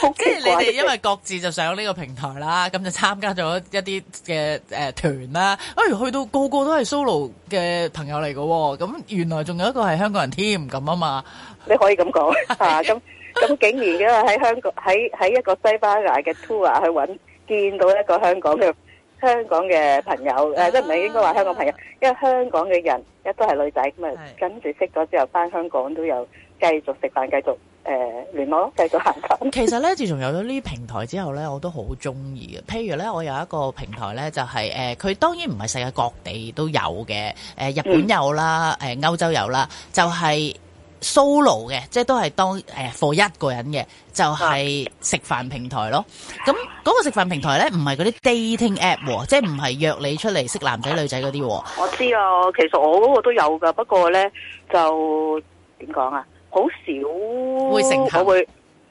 好奇怪，即係你哋因為各自就上呢個平台啦，咁就參加咗一啲嘅誒團啦。哎去到個個都係 solo 嘅朋友嚟嘅，咁原來仲有一個係香港人添，咁啊嘛？你可以咁講啊？咁咁竟然因為喺香港喺喺一個西班牙嘅 tour 去搵見到一個香港嘅香港嘅朋友誒，即唔係應該話香港朋友，因為香港嘅人一都係女仔咁啊，跟住識咗之後翻香港都有。繼續食飯，繼續誒聯絡，繼續行近。其實咧，自從有咗呢啲平台之後咧，我都好中意嘅。譬如咧，我有一個平台咧，就係誒，佢當然唔係世界各地都有嘅，誒日本有啦，誒歐洲有啦，就係 solo 嘅，即係都係當誒 for 一個人嘅，就係食飯平台咯。咁嗰個食飯平台咧，唔係嗰啲 dating app，即係唔係約你出嚟識男仔女仔嗰啲。我知啊，其實我嗰個都有噶，不過咧就點講啊？好少會成我會、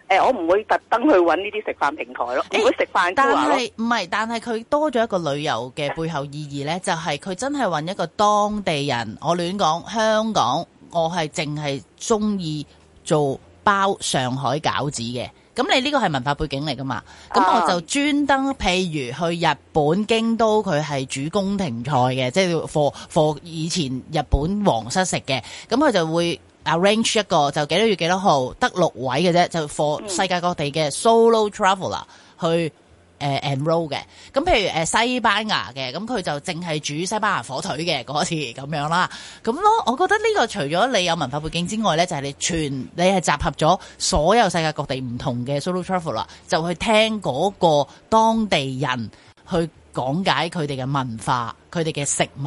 欸，我會誒，我唔會特登去揾呢啲食飯平台咯。誒食飯但是是，但係唔係，但係佢多咗一個旅遊嘅背後意義呢，就係、是、佢真係揾一個當地人。我亂講，香港我係淨係鍾意做包上海餃子嘅。咁你呢個係文化背景嚟㗎嘛？咁我就專登，譬如去日本京都，佢係煮宮廷菜嘅，即係貨以前日本皇室食嘅，咁佢就會。Arrange 一個就幾多月幾多號，得六位嘅啫，就 for 世界各地嘅 solo traveller 去、呃、enroll 嘅。咁譬如西班牙嘅，咁佢就淨係煮西班牙火腿嘅嗰次咁樣啦。咁咯，我覺得呢個除咗你有文化背景之外呢就係、是、你全你係集合咗所有世界各地唔同嘅 solo traveller 就去聽嗰個當地人去講解佢哋嘅文化、佢哋嘅食物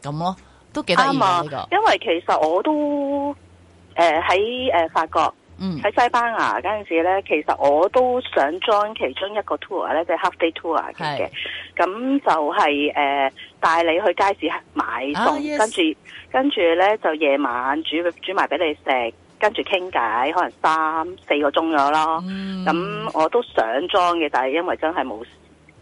咁咯，都幾得意啊呢個。因為其實我都。誒喺誒法國，喺、嗯、西班牙嗰陣時咧，其實我都想 join 其中一個 tour 咧，即、就、係、是、half day tour 嘅。咁是就係誒帶你去街市買餸，oh, yes.，跟住跟住咧就夜晚煮煮埋俾你食，跟住傾偈，可能三四個鐘咗咯。咁、嗯、我都想 join 嘅，但係因為真係冇。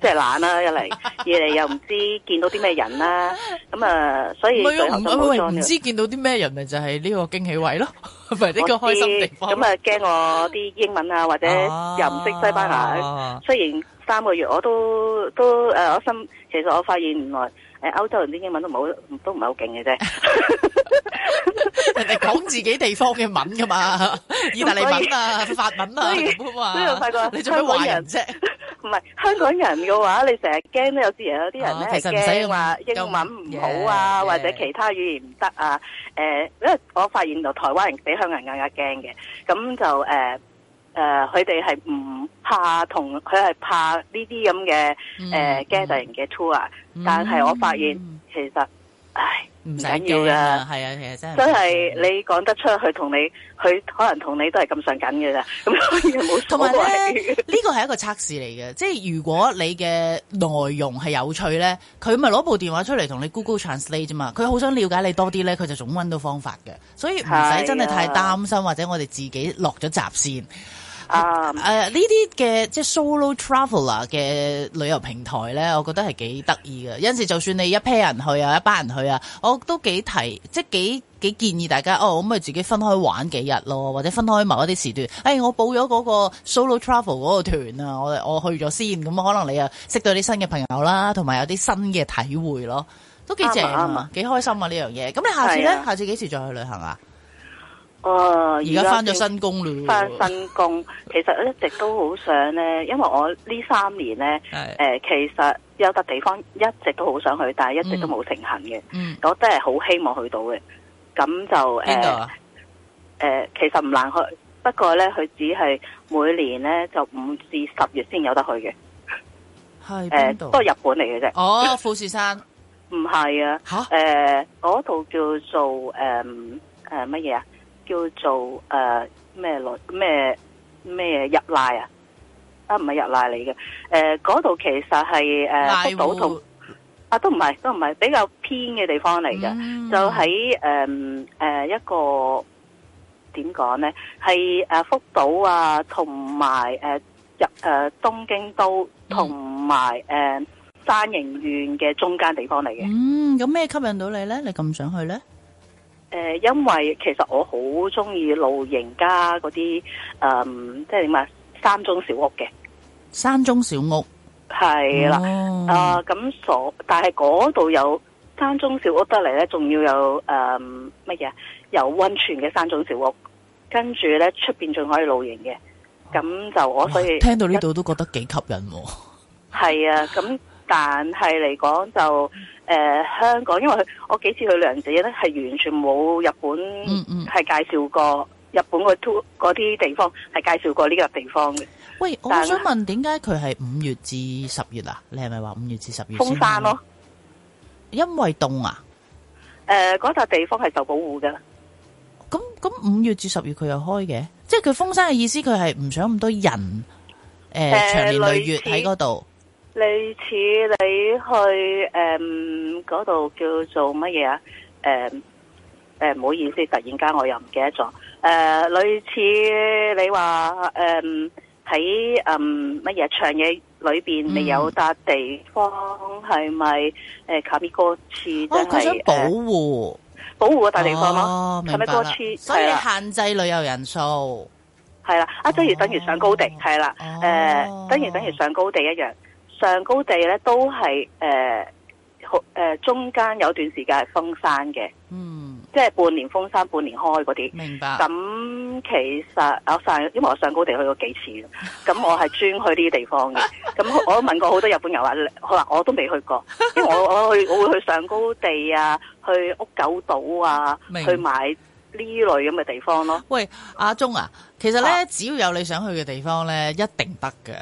即係懶啦一嚟，二嚟又唔知見到啲咩人啦、啊，咁啊、 嗯，所以唔知， 知見到啲咩人咪就係呢個驚喜位咯，唔 呢個開心地方。咁啊，驚我啲英文啊，或者、 啊、又唔識西班牙。雖然三個月我都都誒、呃，我心其實我發現原來誒歐洲人啲英文都唔好，都唔係好勁嘅啫。 人哋講自己地方嘅文噶嘛，意大利文啊，法文啊，咁啊嘛，你做咩話人啫？唔係香港人嘅話，你成日驚咧，有時有啲人咧驚話英文唔好啊，啊或者其他語言唔得啊。Yeah, yeah. 誒，因為我發現到台灣人比香港人更加驚嘅，咁就誒誒，佢哋係唔怕同，佢係怕呢啲咁嘅誒驚人嘅 tour。但係我發現其實，唉。唔緊要噶，係啊，其實真係你講得出去，同你佢可能同你都係咁上緊嘅咋，咁所以冇所謂。同埋呢個係一個測試嚟嘅，即係如果你嘅內容係有趣咧，佢咪攞部電話出嚟同你 Google Translate 啫嘛。佢好想了解你多啲咧，佢就總揾到方法嘅，所以唔使真係太擔心，的或者我哋自己落咗閘線。誒，呢啲嘅即係 solo traveler 嘅旅遊平台咧，我覺得係幾得意嘅。有陣時就算你一批人去啊，一班人去啊，我都幾提，即係幾幾建議大家哦，咁咪自己分開玩幾日咯，或者分開某一啲時段。誒、哎，我報咗嗰個 solo travel 嗰個團啊，我我去咗先，咁可能你又識到啲新嘅朋友啦，同埋有啲新嘅體會咯，都幾正、啊，幾開心啊呢樣嘢。咁你下次咧？呀下次幾時再去旅行啊？哦，而家翻咗新工啦，翻新工。 其實我一直都好想咧，因為我呢三年咧，誒是、呃，其實有笪地方一直都好想去，但係一直都冇成行嘅。嗯嗯、我真係好希望去到嘅。咁就誒，誒、啊呃，其實唔難去，不過咧佢只係每年咧就五至十月先有得去嘅。喺邊、呃、都係日本嚟嘅啫。哦，富士山？唔係、嗯、啊。吓、啊？誒、呃，嗰度叫做誒誒乜嘢啊？呃呃呃叫做誒咩來咩咩入瀨啊？啊唔係入瀨嚟嘅，誒嗰度其實係誒、呃、戶福島同啊，都唔係，都唔係比較偏嘅地方嚟嘅。嗯、就喺誒誒一個點講咧，係誒福島啊同埋誒入誒、呃、東京都同埋誒山形縣嘅中間地方嚟嘅。嗯，有咩吸引到你咧？你咁想去咧？誒，因為其實我好中意露營加嗰啲誒，即係點啊，山中小屋嘅山中小屋係啦，啊咁所，但係嗰度有山中小屋得嚟咧，仲要有誒乜嘢有溫泉嘅山中小屋，跟住咧出邊仲可以露營嘅，咁就我所以聽到呢度都覺得幾吸引喎，係啊咁。但係嚟講就誒、呃、香港，因為去我幾次去梁子咧，係完全冇日本係介紹過日本嗰啲地方係介紹過呢個地方嘅。喂，我想問點解佢係五月至十月啊？你係咪話五月至十月封山咯、哦？因為凍啊！誒、呃，嗰、那、笪、個、地方係受保護噶。咁咁五月至十月佢又開嘅，即係佢封山嘅意思，佢係唔想咁多人誒、呃呃、長年累月喺嗰度。呃類似你去誒嗰度叫做乜嘢啊？誒、嗯、誒，唔、呃、好意思，突然間我又唔記得咗。誒、呃，類似你話誒喺誒乜嘢長野裏邊，你有笪地方係咪誒卡米哥村？哦、嗯，佢、啊、想保護、啊、保護個大地方咯、啊，係咪哥村？去所以限制旅遊人數係啦，了啊，等於等於上高地係啦，誒，啊、等於等於上高地一樣。上高地咧都係誒、呃，中間有段時間係封山嘅。嗯，即係半年封山，半年開嗰啲。明白。咁其實我上，因為我上高地去過幾次，咁 我係專去呢啲地方嘅。咁 我問過好多日本人話，佢話我都未去過，因為我我去我會去上高地啊，去屋久島啊。明白。去買呢類咁嘅地方咯。喂，阿中啊，其實咧、啊、只要有你想去嘅地方咧，一定得嘅。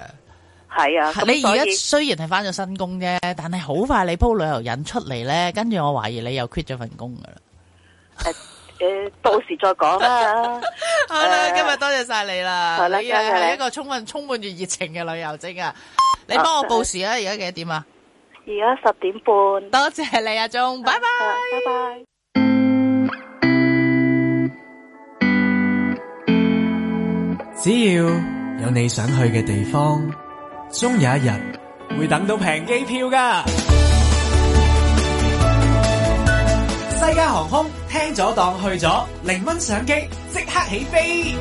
係啊，你而家雖然係翻咗新工啫，但係好快你鋪旅遊引出嚟咧，跟住我懷疑你又 quit 咗份工噶啦。誒誒，到時再講啦。好啦，今日多謝晒你啦，你係一個充份充滿住熱情嘅旅遊精啊！你幫我報時啦，而家幾多點啊？而家十點半。多謝你啊，鍾，拜拜，拜拜。只要有你想去嘅地方。終有一日會等到平機票噶，西加航空聽咗檔去咗，零蚊相機即刻起飛。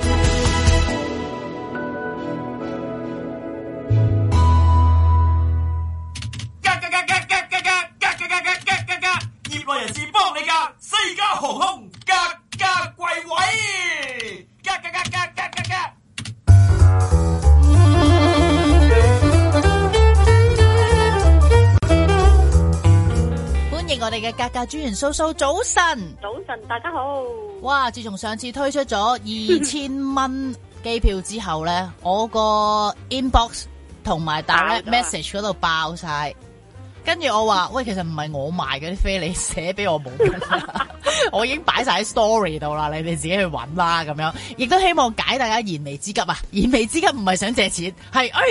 嘎嘎嘎嘎嘎嘎嘎嘎嘎嘎嘎嘎嘎！業內人士幫你噶，西加航空，嘎嘎貴惠，嘎嘎嘎嘎嘎嘎嘎。我哋嘅價格專員蘇、so、蘇，so，早晨，早晨，大家好。哇，自從上次推出咗二千蚊機票之後咧， 我個 inbox 同埋 direct message 嗰度爆晒。跟住我話喂，其實唔係我賣嗰啲飛，你寫俾我冇， 我已經擺晒喺 story 度啦，你哋自己去揾啦咁樣，亦都希望解大家燃眉之急啊！燃眉之急唔係想借錢，係誒、哎、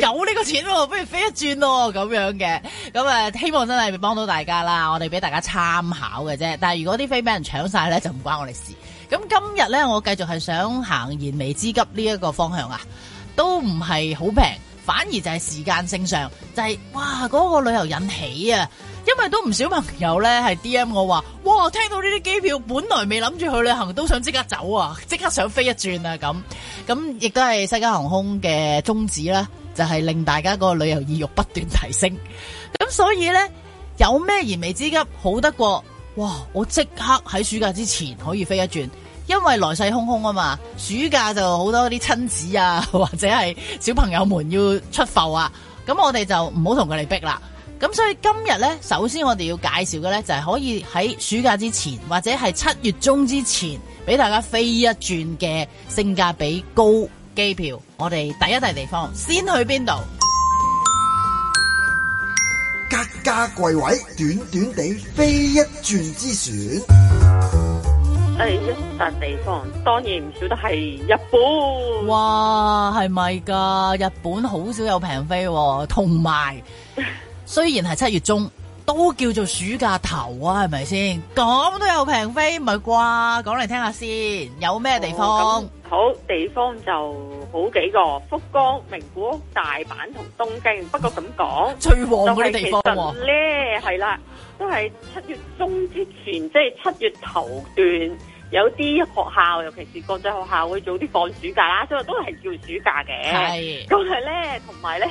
有呢個錢，不如飛一轉咯咁樣嘅，咁啊、嗯、希望真係幫到大家啦，我哋俾大家參考嘅啫。但係如果啲飛俾人搶晒咧，就唔關我哋事。咁今日咧，我繼續係想行燃眉之急呢一個方向啊，都唔係好平。反而就係時間性上，就係、是、哇嗰、那個旅遊引起啊，因為都唔少朋友呢係 D M 我話，哇聽到呢啲機票，本來未諗住去旅行，都想即刻走啊，即刻想飛一轉啊咁，咁亦都係西加航空嘅宗旨啦，就係、是、令大家個旅遊意欲不斷提升，咁所以呢，有咩燃眉之急，好得過，哇我即刻喺暑假之前可以飛一轉。因為來勢洶洶啊嘛，暑假就好多啲親子啊，或者係小朋友們要出埠啊，咁我哋就唔好同佢哋逼啦。咁所以今日呢，首先我哋要介紹嘅呢，就係可以喺暑假之前或者係七月中之前，俾大家飛一轉嘅性價比高機票。我哋第一大地方先去邊度？格價貴位，短短地飛一轉之選。係一笪地方，當然唔少得係日本。哇，係咪噶？日本好少有平飛，啊，同埋 雖然係七月中，都叫做暑假頭啊，係咪先？咁都有平飛，唔係啩？講嚟聽下先，有咩地方？哦、好地方就好幾個，福岡、名古屋、大阪同東京。不過咁講， 最旺嘅地方咧，係啦，都係七月中之前，即、就、係、係、七月頭段。有啲學校，尤其是國際學校，會早啲放暑假啦，所以都係叫暑假嘅。係，咁係咧，同埋咧，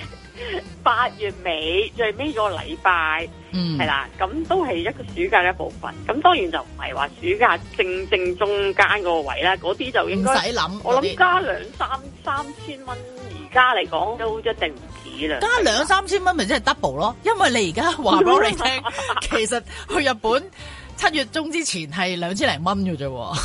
八月尾最尾個禮拜，嗯，係啦，咁都係一個暑假嘅一部分。咁當然就唔係話暑假正正中間嗰個位啦，嗰啲就應該唔使諗。我諗加兩三三千蚊，而家嚟講都一定唔止啦。2 加兩三千蚊，咪即係 double 咯，的因為你而家話俾我哋聽， 其實去日本。七月中之前係兩千零蚊嘅啫，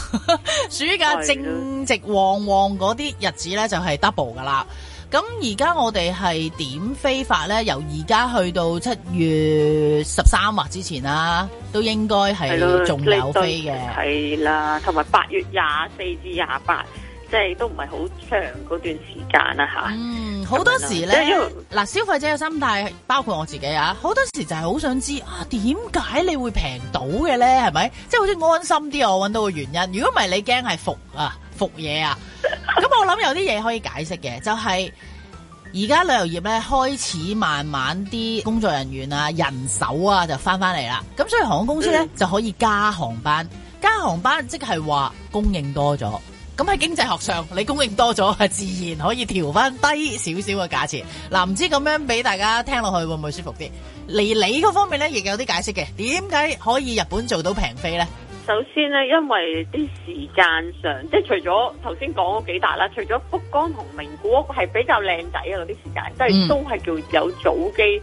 暑假正值旺旺嗰啲日子咧就係 double 噶啦。咁而家我哋係點飛法咧？由而家去到七月十三日或之前啦、啊，都應該係仲有飛嘅。係啦，同埋八月廿四至廿八。即係都唔係好長嗰段時間啦、啊，吓、啊。嗯，好多時咧，嗱， 消費者嘅心態包括我自己啊，好多時就係好想知啊，點解你會平到嘅咧？係咪？即、就、係、是、好似安心啲我揾到個原因。如果唔係你驚係服啊，服嘢啊，咁 我諗有啲嘢可以解釋嘅，就係而家旅遊業咧開始慢慢啲工作人員啊、人手啊就翻翻嚟啦，咁所以航空公司咧、嗯、就可以加航班，加航班即係話供應多咗。咁喺經濟學上，你供應多咗，係自然可以調翻低少少嘅價錢。嗱、啊，唔知咁樣俾大家聽落去會唔會舒服啲？嚟你嗰方面咧，亦有啲解釋嘅。點解可以日本做到平飛呢？首先咧，因為啲時間上，即係除咗頭先講嗰幾笪啦，除咗福岡同名古屋係比較靚仔啊，嗰啲時間即係都係叫有早機。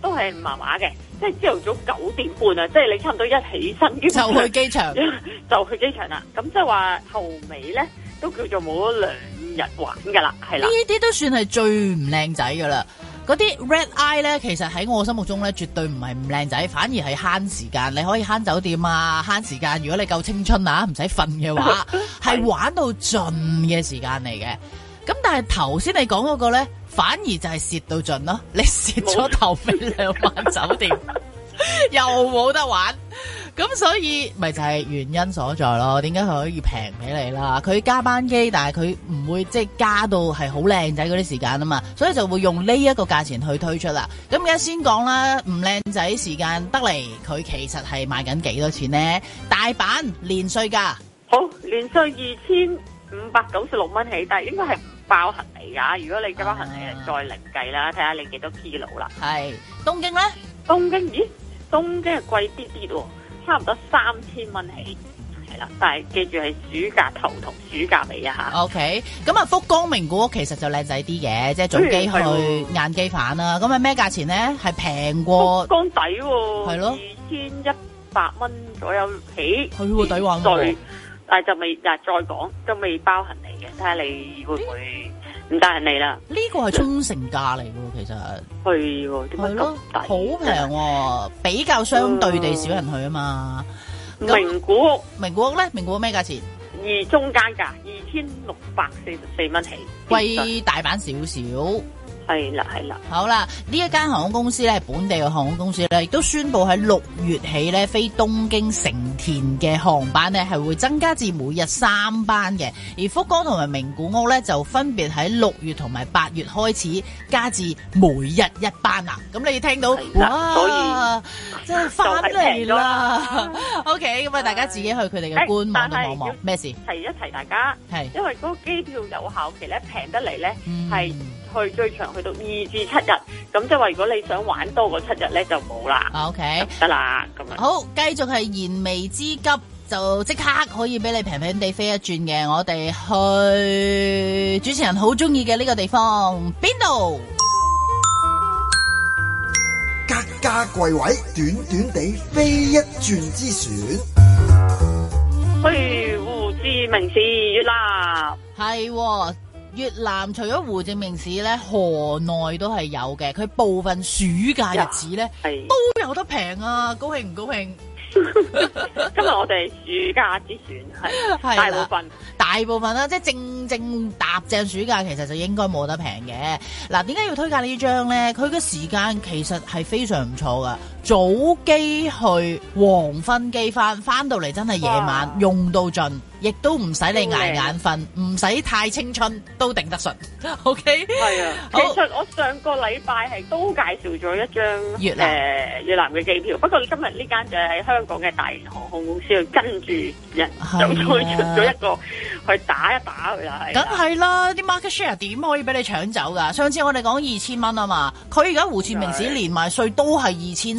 都係麻麻嘅，即係朝頭早九點半啊，即係你差唔多一起身，就去機場， 就去機場啦。咁即係話後尾呢，都叫做冇咗兩日玩噶啦，係啦。呢啲都算係最唔靚仔噶啦。嗰啲 red eye 呢，其實喺我心目中呢，絕對唔係唔靚仔，反而係慳時間。你可以慳酒店啊，慳時間。如果你夠青春啊，唔使瞓嘅話，係 玩到盡嘅時間嚟嘅。咁但係頭先你講嗰個呢。反而就係蝕到盡咯，你蝕咗頭飛兩晚酒店，又冇得玩，咁所以咪就係、是、原因所在咯。點解佢可以平俾你啦。佢加班機，但係佢唔會即係加到係好靚仔嗰啲時間啊嘛，所以就會用呢一個價錢去推出啦。咁而家先講啦，唔靚仔時間得嚟，佢其實係賣緊幾多錢呢？大阪連稅價，好連稅二千五百九十六蚊起，但係應該係。包行李噶，如果你嘅包行李，再另計啦，睇下你幾多 kilo 啦。係東京咧？東京咦？東京係貴啲啲喎，差唔多三千蚊起，係啦。但係記住係暑假頭同暑假尾啊嚇。O K，咁啊，福岡名古屋其實就靚仔啲嘅，即係仲基去硬基反啦。咁啊咩價錢咧？係平過福岡底喎，係咯，二千一百蚊左右起，係喎抵玩喎。但就未，日再講，都未包行李嘅，睇下你會唔會唔帶行李啦？呢個係沖繩價嚟嘅，其實去係咯，好平、哦，比較相對地少人去啊嘛。名古、嗯、就名古屋咧，名古屋咩價錢？二中間價，二千六百四十四蚊起，貴大阪少少。係啦，係啦。好啦，呢一間航空公司咧，本地嘅航空公司咧，亦都宣布喺六月起咧，飛東京成田嘅航班咧，係會增加至每日三班嘅。而福岡同埋名古屋咧，就分別喺六月同埋八月開始加至每日一班啦。咁你聽到是的哇，以真係翻嚟啦！OK，咁啊，大家自己去佢哋嘅官網度望望，咩看是事？提一提大家係，是因為嗰個機票有效期咧平得嚟咧係。是嗯去最長去到二至七日，咁即係話如果你想玩多過七日咧就冇啦。OK 得啦，咁好，繼續係燃眉之急，就即刻可以俾你平平地飛一轉嘅，我哋去主持人好中意嘅呢個地方邊度？格格貴位，短短地飛一轉之選，去胡志明市啦係係。越南除咗胡志明市咧，河內都係有嘅。佢部分暑假日子咧，yeah, 都有得平啊 Yeah. 高！高興唔高興？ 今日我哋暑假之選係大部分，大部分啦、 啊，即係正正踏正暑假，其實就應該冇得平嘅。嗱、啊，點解要推介呢張咧？佢嘅時間其實係非常唔錯噶。早機去，黃昏機返，返到嚟真係夜晚，哇用到盡，亦都唔使你捱眼瞓，唔使 Okay. 太青春都頂得順。OK，係啊，好其實我上個禮拜係都介紹咗一張越南、呃、越南嘅機票，不過今日呢間就係香港嘅大型航空公司，跟住人就推出咗一個、啊、去打一打佢又係，梗係啦，啲 market share 點可以俾你搶走㗎？上次我哋講二千蚊啊嘛，佢而家胡志明市連埋稅都係二千。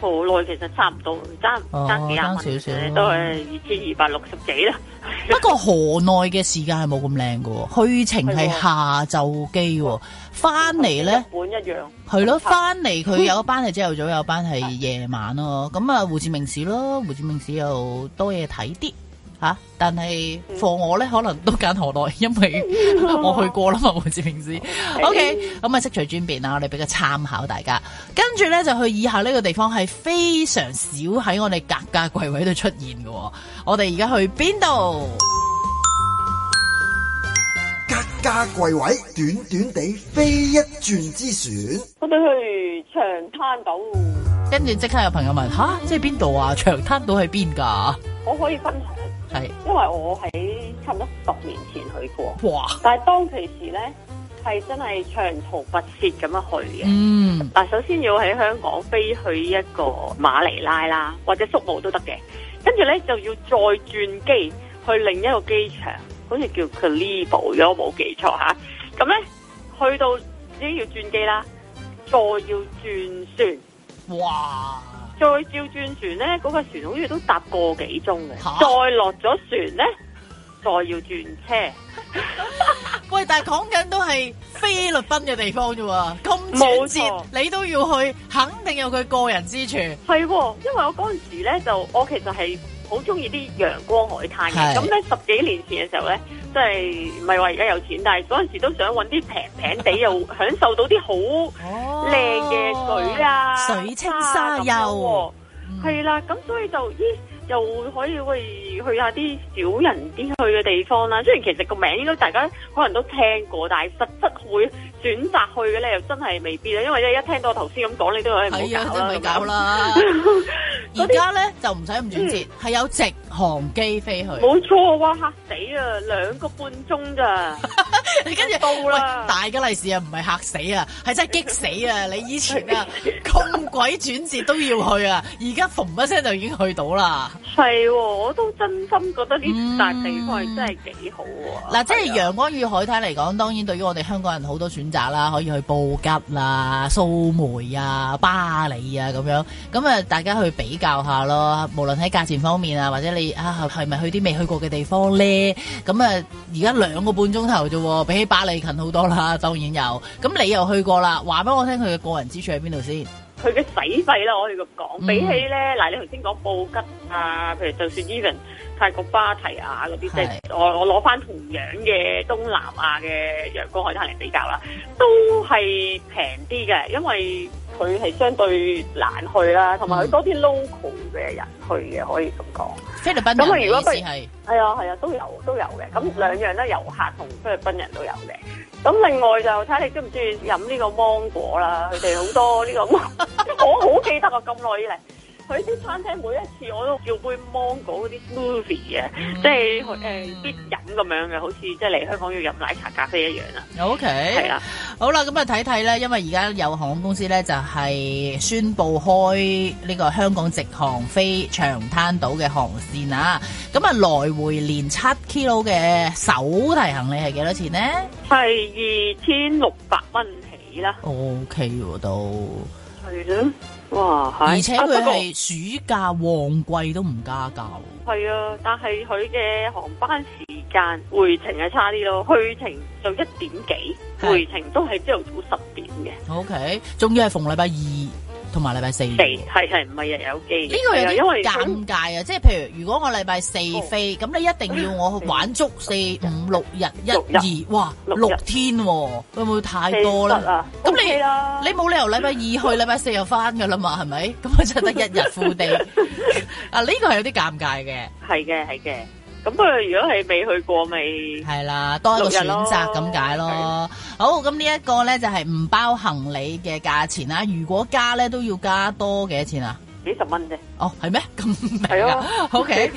河內其實差唔多，差、哦、差幾廿蚊，點點都係二千二百六十幾啦。不過河內嘅時間係冇咁靚嘅，去程係下晝機，翻嚟咧，係咯，翻嚟佢有一班係朝頭早， 有一班係夜晚咯。咁啊，胡志明市咯，胡志明市又多嘢睇啲。吓、啊，但係放、嗯、我咧可能都揀河內，因為我去過啦嘛，胡志平市。O K，咁啊識隨轉變啊，我哋俾、嗯 okay，較參考大家。跟住咧就去以下呢個地方，係非常少喺我哋格價櫃位度出現嘅。我哋而家去邊度？格價櫃位短短地飛一轉之船。我哋去長灘島。跟住即刻有朋友問：吓、啊，即係邊度啊？長灘島喺邊噶？我可以分享。因為我喺差唔多十年前去過，哇但係當其時呢，係真係長途跋涉咁樣去嘅。嗯，嗱，首先要喺香港飛去一個馬尼拉啦，或者宿務都得嘅。跟住呢，就要再轉機去另一個機場，好似叫 Kalibo 如果我冇記錯吓。咁、啊、呢，去到已經要轉機啦，再要轉船。哇！再照轉船咧，嗰、那個船好似都搭個幾鐘嘅，啊、再落咗船咧，再要轉車。 喂，但係講緊都係菲律賓嘅地方啫，咁曲折你都要去，肯定有佢個人之處。係喎、哦，因為我嗰陣時咧就我其實係。好中意啲陽光海灘嘅，咁咧是十幾年前嘅時候咧，即係唔係話而家有錢，但係嗰陣時都想搵啲平平地又 享受到啲好靚嘅水啊、哦，水清沙幼，係啦、啊，咁、嗯、所以就咦～又可以喂去下啲少人啲去嘅地方啦。雖然其實個名應該大家可能都聽過，但係實質會選擇去嘅咧，又真係未必啦。因為一聽到我頭先咁講，你都誒，唔好搞啦。而家咧就唔使咁轉折，係有直航機飛去。冇錯啊！嚇死啊，兩個半鐘咋，你跟住到啦。大吉利是啊，唔係嚇死啊，係真係激死啊！你以前啊咁鬼轉折都要去啊，而家嘣一聲就已經去到啦。係喎，哦，我都真心覺得啲大地方係真係幾好喎，啊。嗱，嗯，即係陽光與海灘嚟講，當然對於我哋香港人好多選擇啦，可以去布吉啦、啊、蘇梅啊、巴厘啊咁樣。咁啊，大家去比較下咯，無論喺價錢方面啊，或者你啊係咪去啲未去過嘅地方咧？咁啊，而家兩個半鐘頭啫，比起巴厘近好多啦。當然有，咁你又去過啦，話俾我聽佢嘅個人之處喺邊度先？佢嘅使費啦，我係咁講，比起咧，嗱、嗯、你頭先講布吉啊，譬如就算 Even。泰國芭提雅嗰啲即係我我攞翻同樣嘅東南亞嘅陽光海灘嚟比較啦，都係平啲嘅，因為佢係相對難去啦，同埋佢多啲 local 嘅人去嘅，可以咁講。菲律賓咁佢如果佢係係啊係啊都有都有嘅，咁兩樣咧遊客同菲律賓人都有嘅。咁另外就睇下你中唔中意飲呢個芒果啦，佢哋好多呢個芒果，我好記得啊，咁耐以嚟。佢啲餐廳每一次我都叫杯芒果嗰啲 smoothie 嘅、嗯，即係誒必飲咁樣嘅，好似即係嚟香港要飲奶茶咖啡一樣啦。OK，係啦，好啦，咁啊睇睇咧，因為而家有航空公司咧就係宣布開呢個香港直航飛長灘島嘅航線啊，咁啊來回連七 kilo 嘅手提行李係幾多錢呢？係二千六百蚊起啦。OK 喎都係啦。哇！而且佢係暑假旺季都唔加價。係啊，但係佢嘅航班時間回程係差啲咯，去程就一點幾，的回程都係朝頭早十點嘅。OK，仲要係逢禮拜二。同埋禮拜四，係係唔係日有機？呢個有啲因為尷尬啊！即係譬如，如果我禮拜四飛，咁你一定要我去玩足四五六日，一二哇，六天喎，會唔會太多啦？咁你你冇理由禮拜二去，禮拜四又翻㗎啦嘛，係咪？咁我就得一日負地啊！呢個係有啲尷尬嘅。係嘅，係嘅。咁佢如果係未去過，未，係啦，多一個選擇咁解咯。的好，咁呢一個咧就係唔包行李嘅價錢啦。如果加咧都要加多幾多錢啊？幾十蚊啫。哦，係咩？咁平啊？係啊。O K，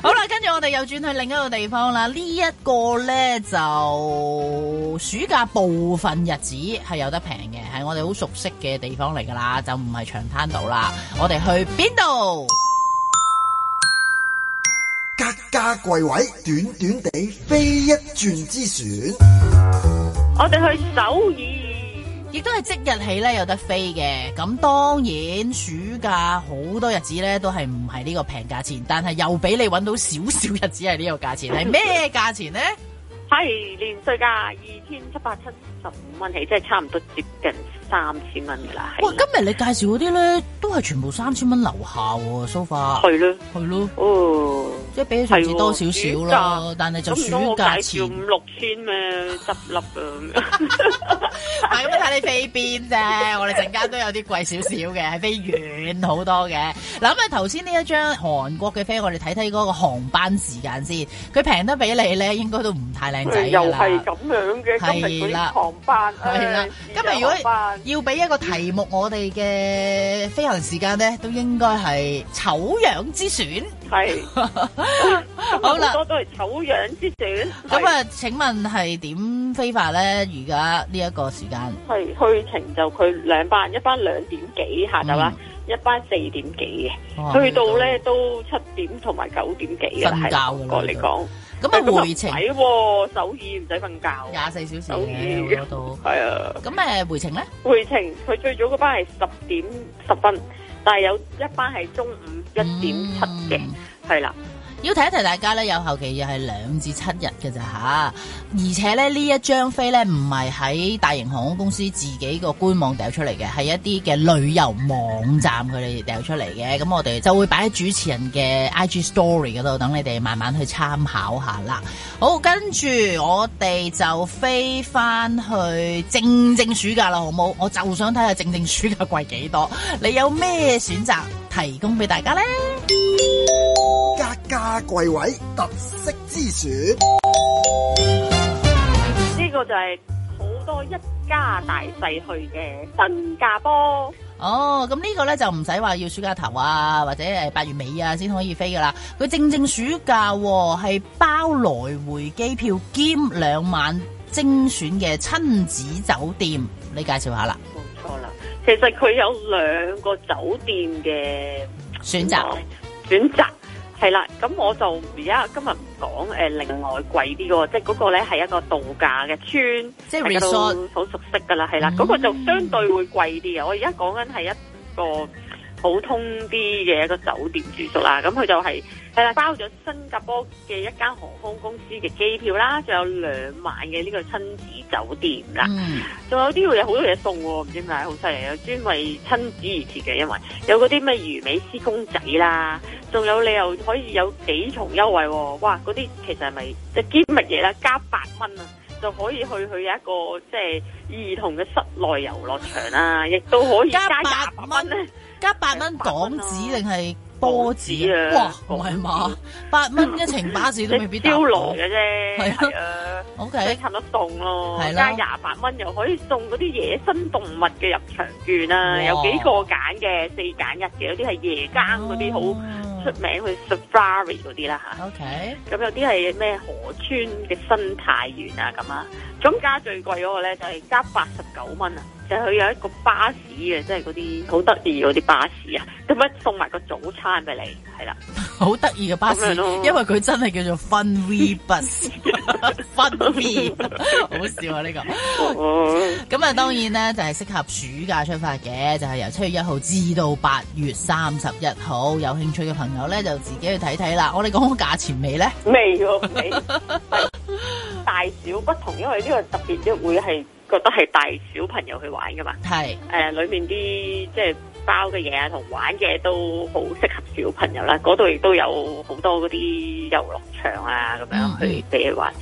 好啦，跟住我哋又轉去另一個地方啦。這個、呢一個咧就暑假部分日子係有得平嘅，係我哋好熟悉嘅地方嚟㗎啦，就唔係長灘島啦。我哋去邊度？特價櫃位，短短地飛一轉之選，我哋去首爾，亦都係即日起咧有得飛嘅。咁當然暑假好多日子咧都係唔係呢個平價錢，但係又俾你搵到少少日子係呢個價錢，係咩 價錢呢？係連稅價二千七百七十五蚊起，即係差唔多接近。三千蚊噶啦，哇！今日你介紹嗰啲咧，都係全部三千蚊樓下喎，sofa。係咯，係咯，哦，即係比上次多少少咯，但係就暑假前五六千咩執笠啊，唔係咁睇你飛邊啫，我哋陣間都有啲貴少少嘅，係飛遠好多嘅。嗱咁啊，頭先呢一張韓國嘅飛，我哋睇睇嗰個航班時間先，佢平得比你咧，應該都唔太靚仔又係咁樣嘅今日嗰啲航班，係啦，今日如果。要俾一個題目，我哋嘅飛行時間咧都應該係醜樣之選，係，好啦，都都係醜樣之選。咁啊，請問係點飛法咧？而家呢一個時間係去程就佢兩班，一班兩點幾下晝啦，嗯、一班四點幾嘅，哦、去到咧的都七點同埋九點幾嘅，瞓覺過嚟講。的的咁啊，回程喎，首爾唔使瞓覺，廿四小時都，係機 啊。咁誒回程咧？回程佢最早嗰班係十點十分，但係有一班係中午一點七嘅，係啦。要提一提大家咧，有效期又係兩至七日嘅咋吓。而且咧，呢一張飛咧唔係喺大型航空公司自己個官網掉出嚟嘅，係一啲嘅旅遊網站佢哋掉出嚟嘅，咁我哋就會擺喺主持人嘅 IG Story 嗰度，等你哋慢慢去參考一下啦。好，跟住我哋就飛翻去正正暑假啦，好唔好？我就想睇下正正暑假貴幾多，你有咩選擇？提供俾大家咧，格價櫃位特色之選，呢個就係好多一家大細去嘅新加坡。哦，咁呢個咧就唔使話要暑假頭啊，或者係八月尾啊先可以飛噶啦。佢正正暑假係、啊、包來回機票兼兩晚精選嘅親子酒店，你介紹一下啦。冇錯啦。其實佢有兩個酒店嘅選擇，選擇係啦，咁我就而家今日唔講誒，另外貴啲嘅，即係嗰個咧係一個度假嘅村，即係大家都好熟悉噶啦，係啦，嗰、嗯、個就相對會貴啲啊！我而家講緊係一個。普通啲嘅一個酒店住宿啦、啊，咁佢就係係啦，包咗新加坡嘅一間航空公司嘅機票啦，仲有兩晚嘅呢個親子酒店啦，仲、嗯、有啲會有好多嘢送喎、啊，唔知點解好犀利，有專為親子而設嘅，因為有嗰啲咩魚尾獅公仔啦，仲有你又可以有幾重優惠、啊，哇！嗰啲其實係咪即係兼乜嘢啦？加八蚊啊，就可以去去一個即係兒童嘅室內遊樂場啦、啊，亦都可以加八蚊咧。加八蚊港紙定係波子啊！哇，唔係嘛，八蚊一程巴士都未必雕狼嘅啫，係啊，OK，所以差唔多送咯，加廿八蚊又可以送嗰啲野生動物嘅入場券啊。有幾個揀嘅，四揀一嘅，有啲係夜間嗰啲好出名去 Safari 嗰啲啦，吓，OK，咁有啲係咩河川嘅生態園啊咁啊，咁加最貴嗰個咧就係加八十九蚊啊！就係佢有一個巴士嘅，即係嗰啲好得意嗰啲巴士啊，咁樣送埋個早餐俾你，係啦，好得意嘅巴士咯。因為佢真係叫做 Fun V Bus，Fun V， 好笑啊呢個。咁啊，當然咧就係、是、適合暑假出發嘅，就係、是、由七月一號至到八月三十一號。有興趣嘅朋友咧就自己去睇睇啦。我哋講過價錢未咧？未喎，未 大小不同，因為呢個特別啲會係。覺得係帶小朋友去玩噶嘛？係是，誒、呃，裏面啲即係包嘅嘢啊，同玩嘅都好適合小朋友啦。嗰度亦都有好多嗰啲遊樂場啊，咁樣、嗯、去俾佢玩。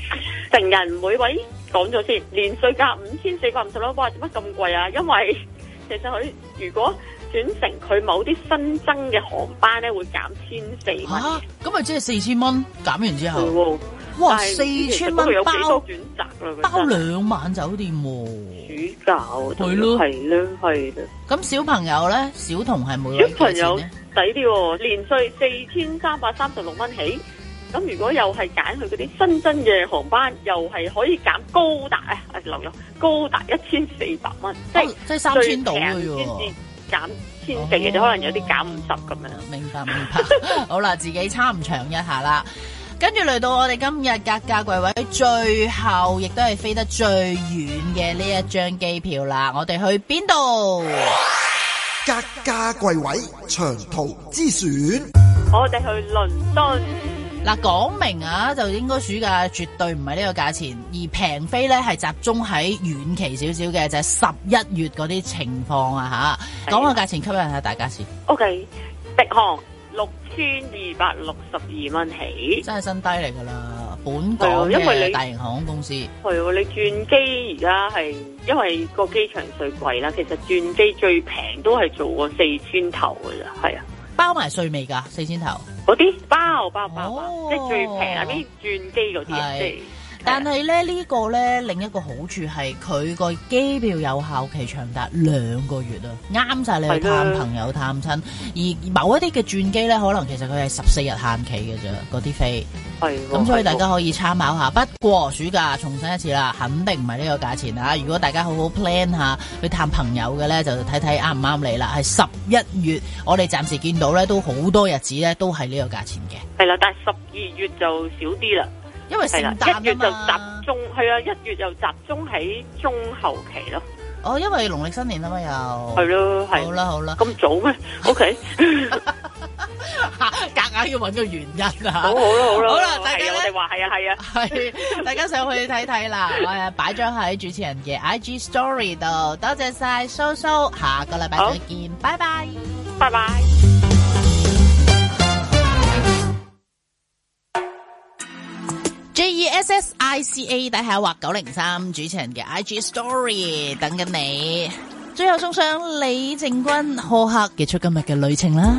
成人每位講咗先說，連稅價五千四百五十蚊。哇，做乜咁貴啊？因為其實佢如果轉成佢某啲新增嘅航班咧，會減千四蚊。咁啊，即係四千蚊減完之後。哇！四千蚊有幾多選擇啊？包兩晚酒店喎，暑假係咯係咯係咯。咁小朋友咧，小童係冇咁多錢咧。抵啲喎，年稅四千三百三十六蚊起。咁如果又係揀佢嗰啲新增嘅航班，又係可以減高達啊，留意高達一千四百蚊，即係即係三千到嘅喎。減千四，或者可能有啲減五十咁樣。明白明白。好啦，自己參詳一下啦。跟住嚟到我哋今日格價貴位，最後亦都係飛得最遠嘅呢一張機票啦。我哋去邊度？格價貴位長途之選，我哋去倫敦。嗱，講明啊，就應該暑假絕對唔係呢個價錢，而平飛呢，係集中喺遠期少少嘅，就係十一月嗰啲情況啊吓。講個價錢，吸引下大家先。OK，直航六。千二百六十二蚊起，真係新低嚟噶啦！本港嘅大型航空公司係你轉機而家係因為,、哦、機因為個機場稅貴啦。其實轉機最平都係做個四千頭噶咋，係啊，包埋稅未噶四千頭嗰啲包包包包，包包哦、即係最平嗰啲轉機嗰啲啊，即係。但係咧呢個呢，另一個好處係佢個機票有效期長達兩個月啊，啱晒你去探朋友探親。的而某一啲嘅轉機呢，可能其實佢係十四日限期嘅啫，嗰啲飛。咁的所以大家可以參考下。的不過暑假重申一次啦，肯定唔係呢個價錢啊！如果大家好好 plan 下去探朋友嘅呢，就睇睇啱唔啱你啦。係十一月，我哋暫時見到呢都好多日子呢都係呢個價錢嘅。係啦，但係十二月就少啲啦。因為十一月就集中，係啊，一月又集中喺中後期咯。哦，因為農曆新年啊嘛又。係咯，係。好啦好啦，咁早咩？O K，夾硬要搵個原因啊！好好啦，好啦，好啦，大家你哋話係啊係啊，係大家上去睇睇啦。誒，擺咗喺主持人嘅 I G Story 度，多謝晒蘇蘇，下個禮拜再見，拜拜，拜拜。E S S I C A 底下畫九零三主持人嘅 I G Story 等緊你，最後送上李靜君何克結束今日嘅旅程啦。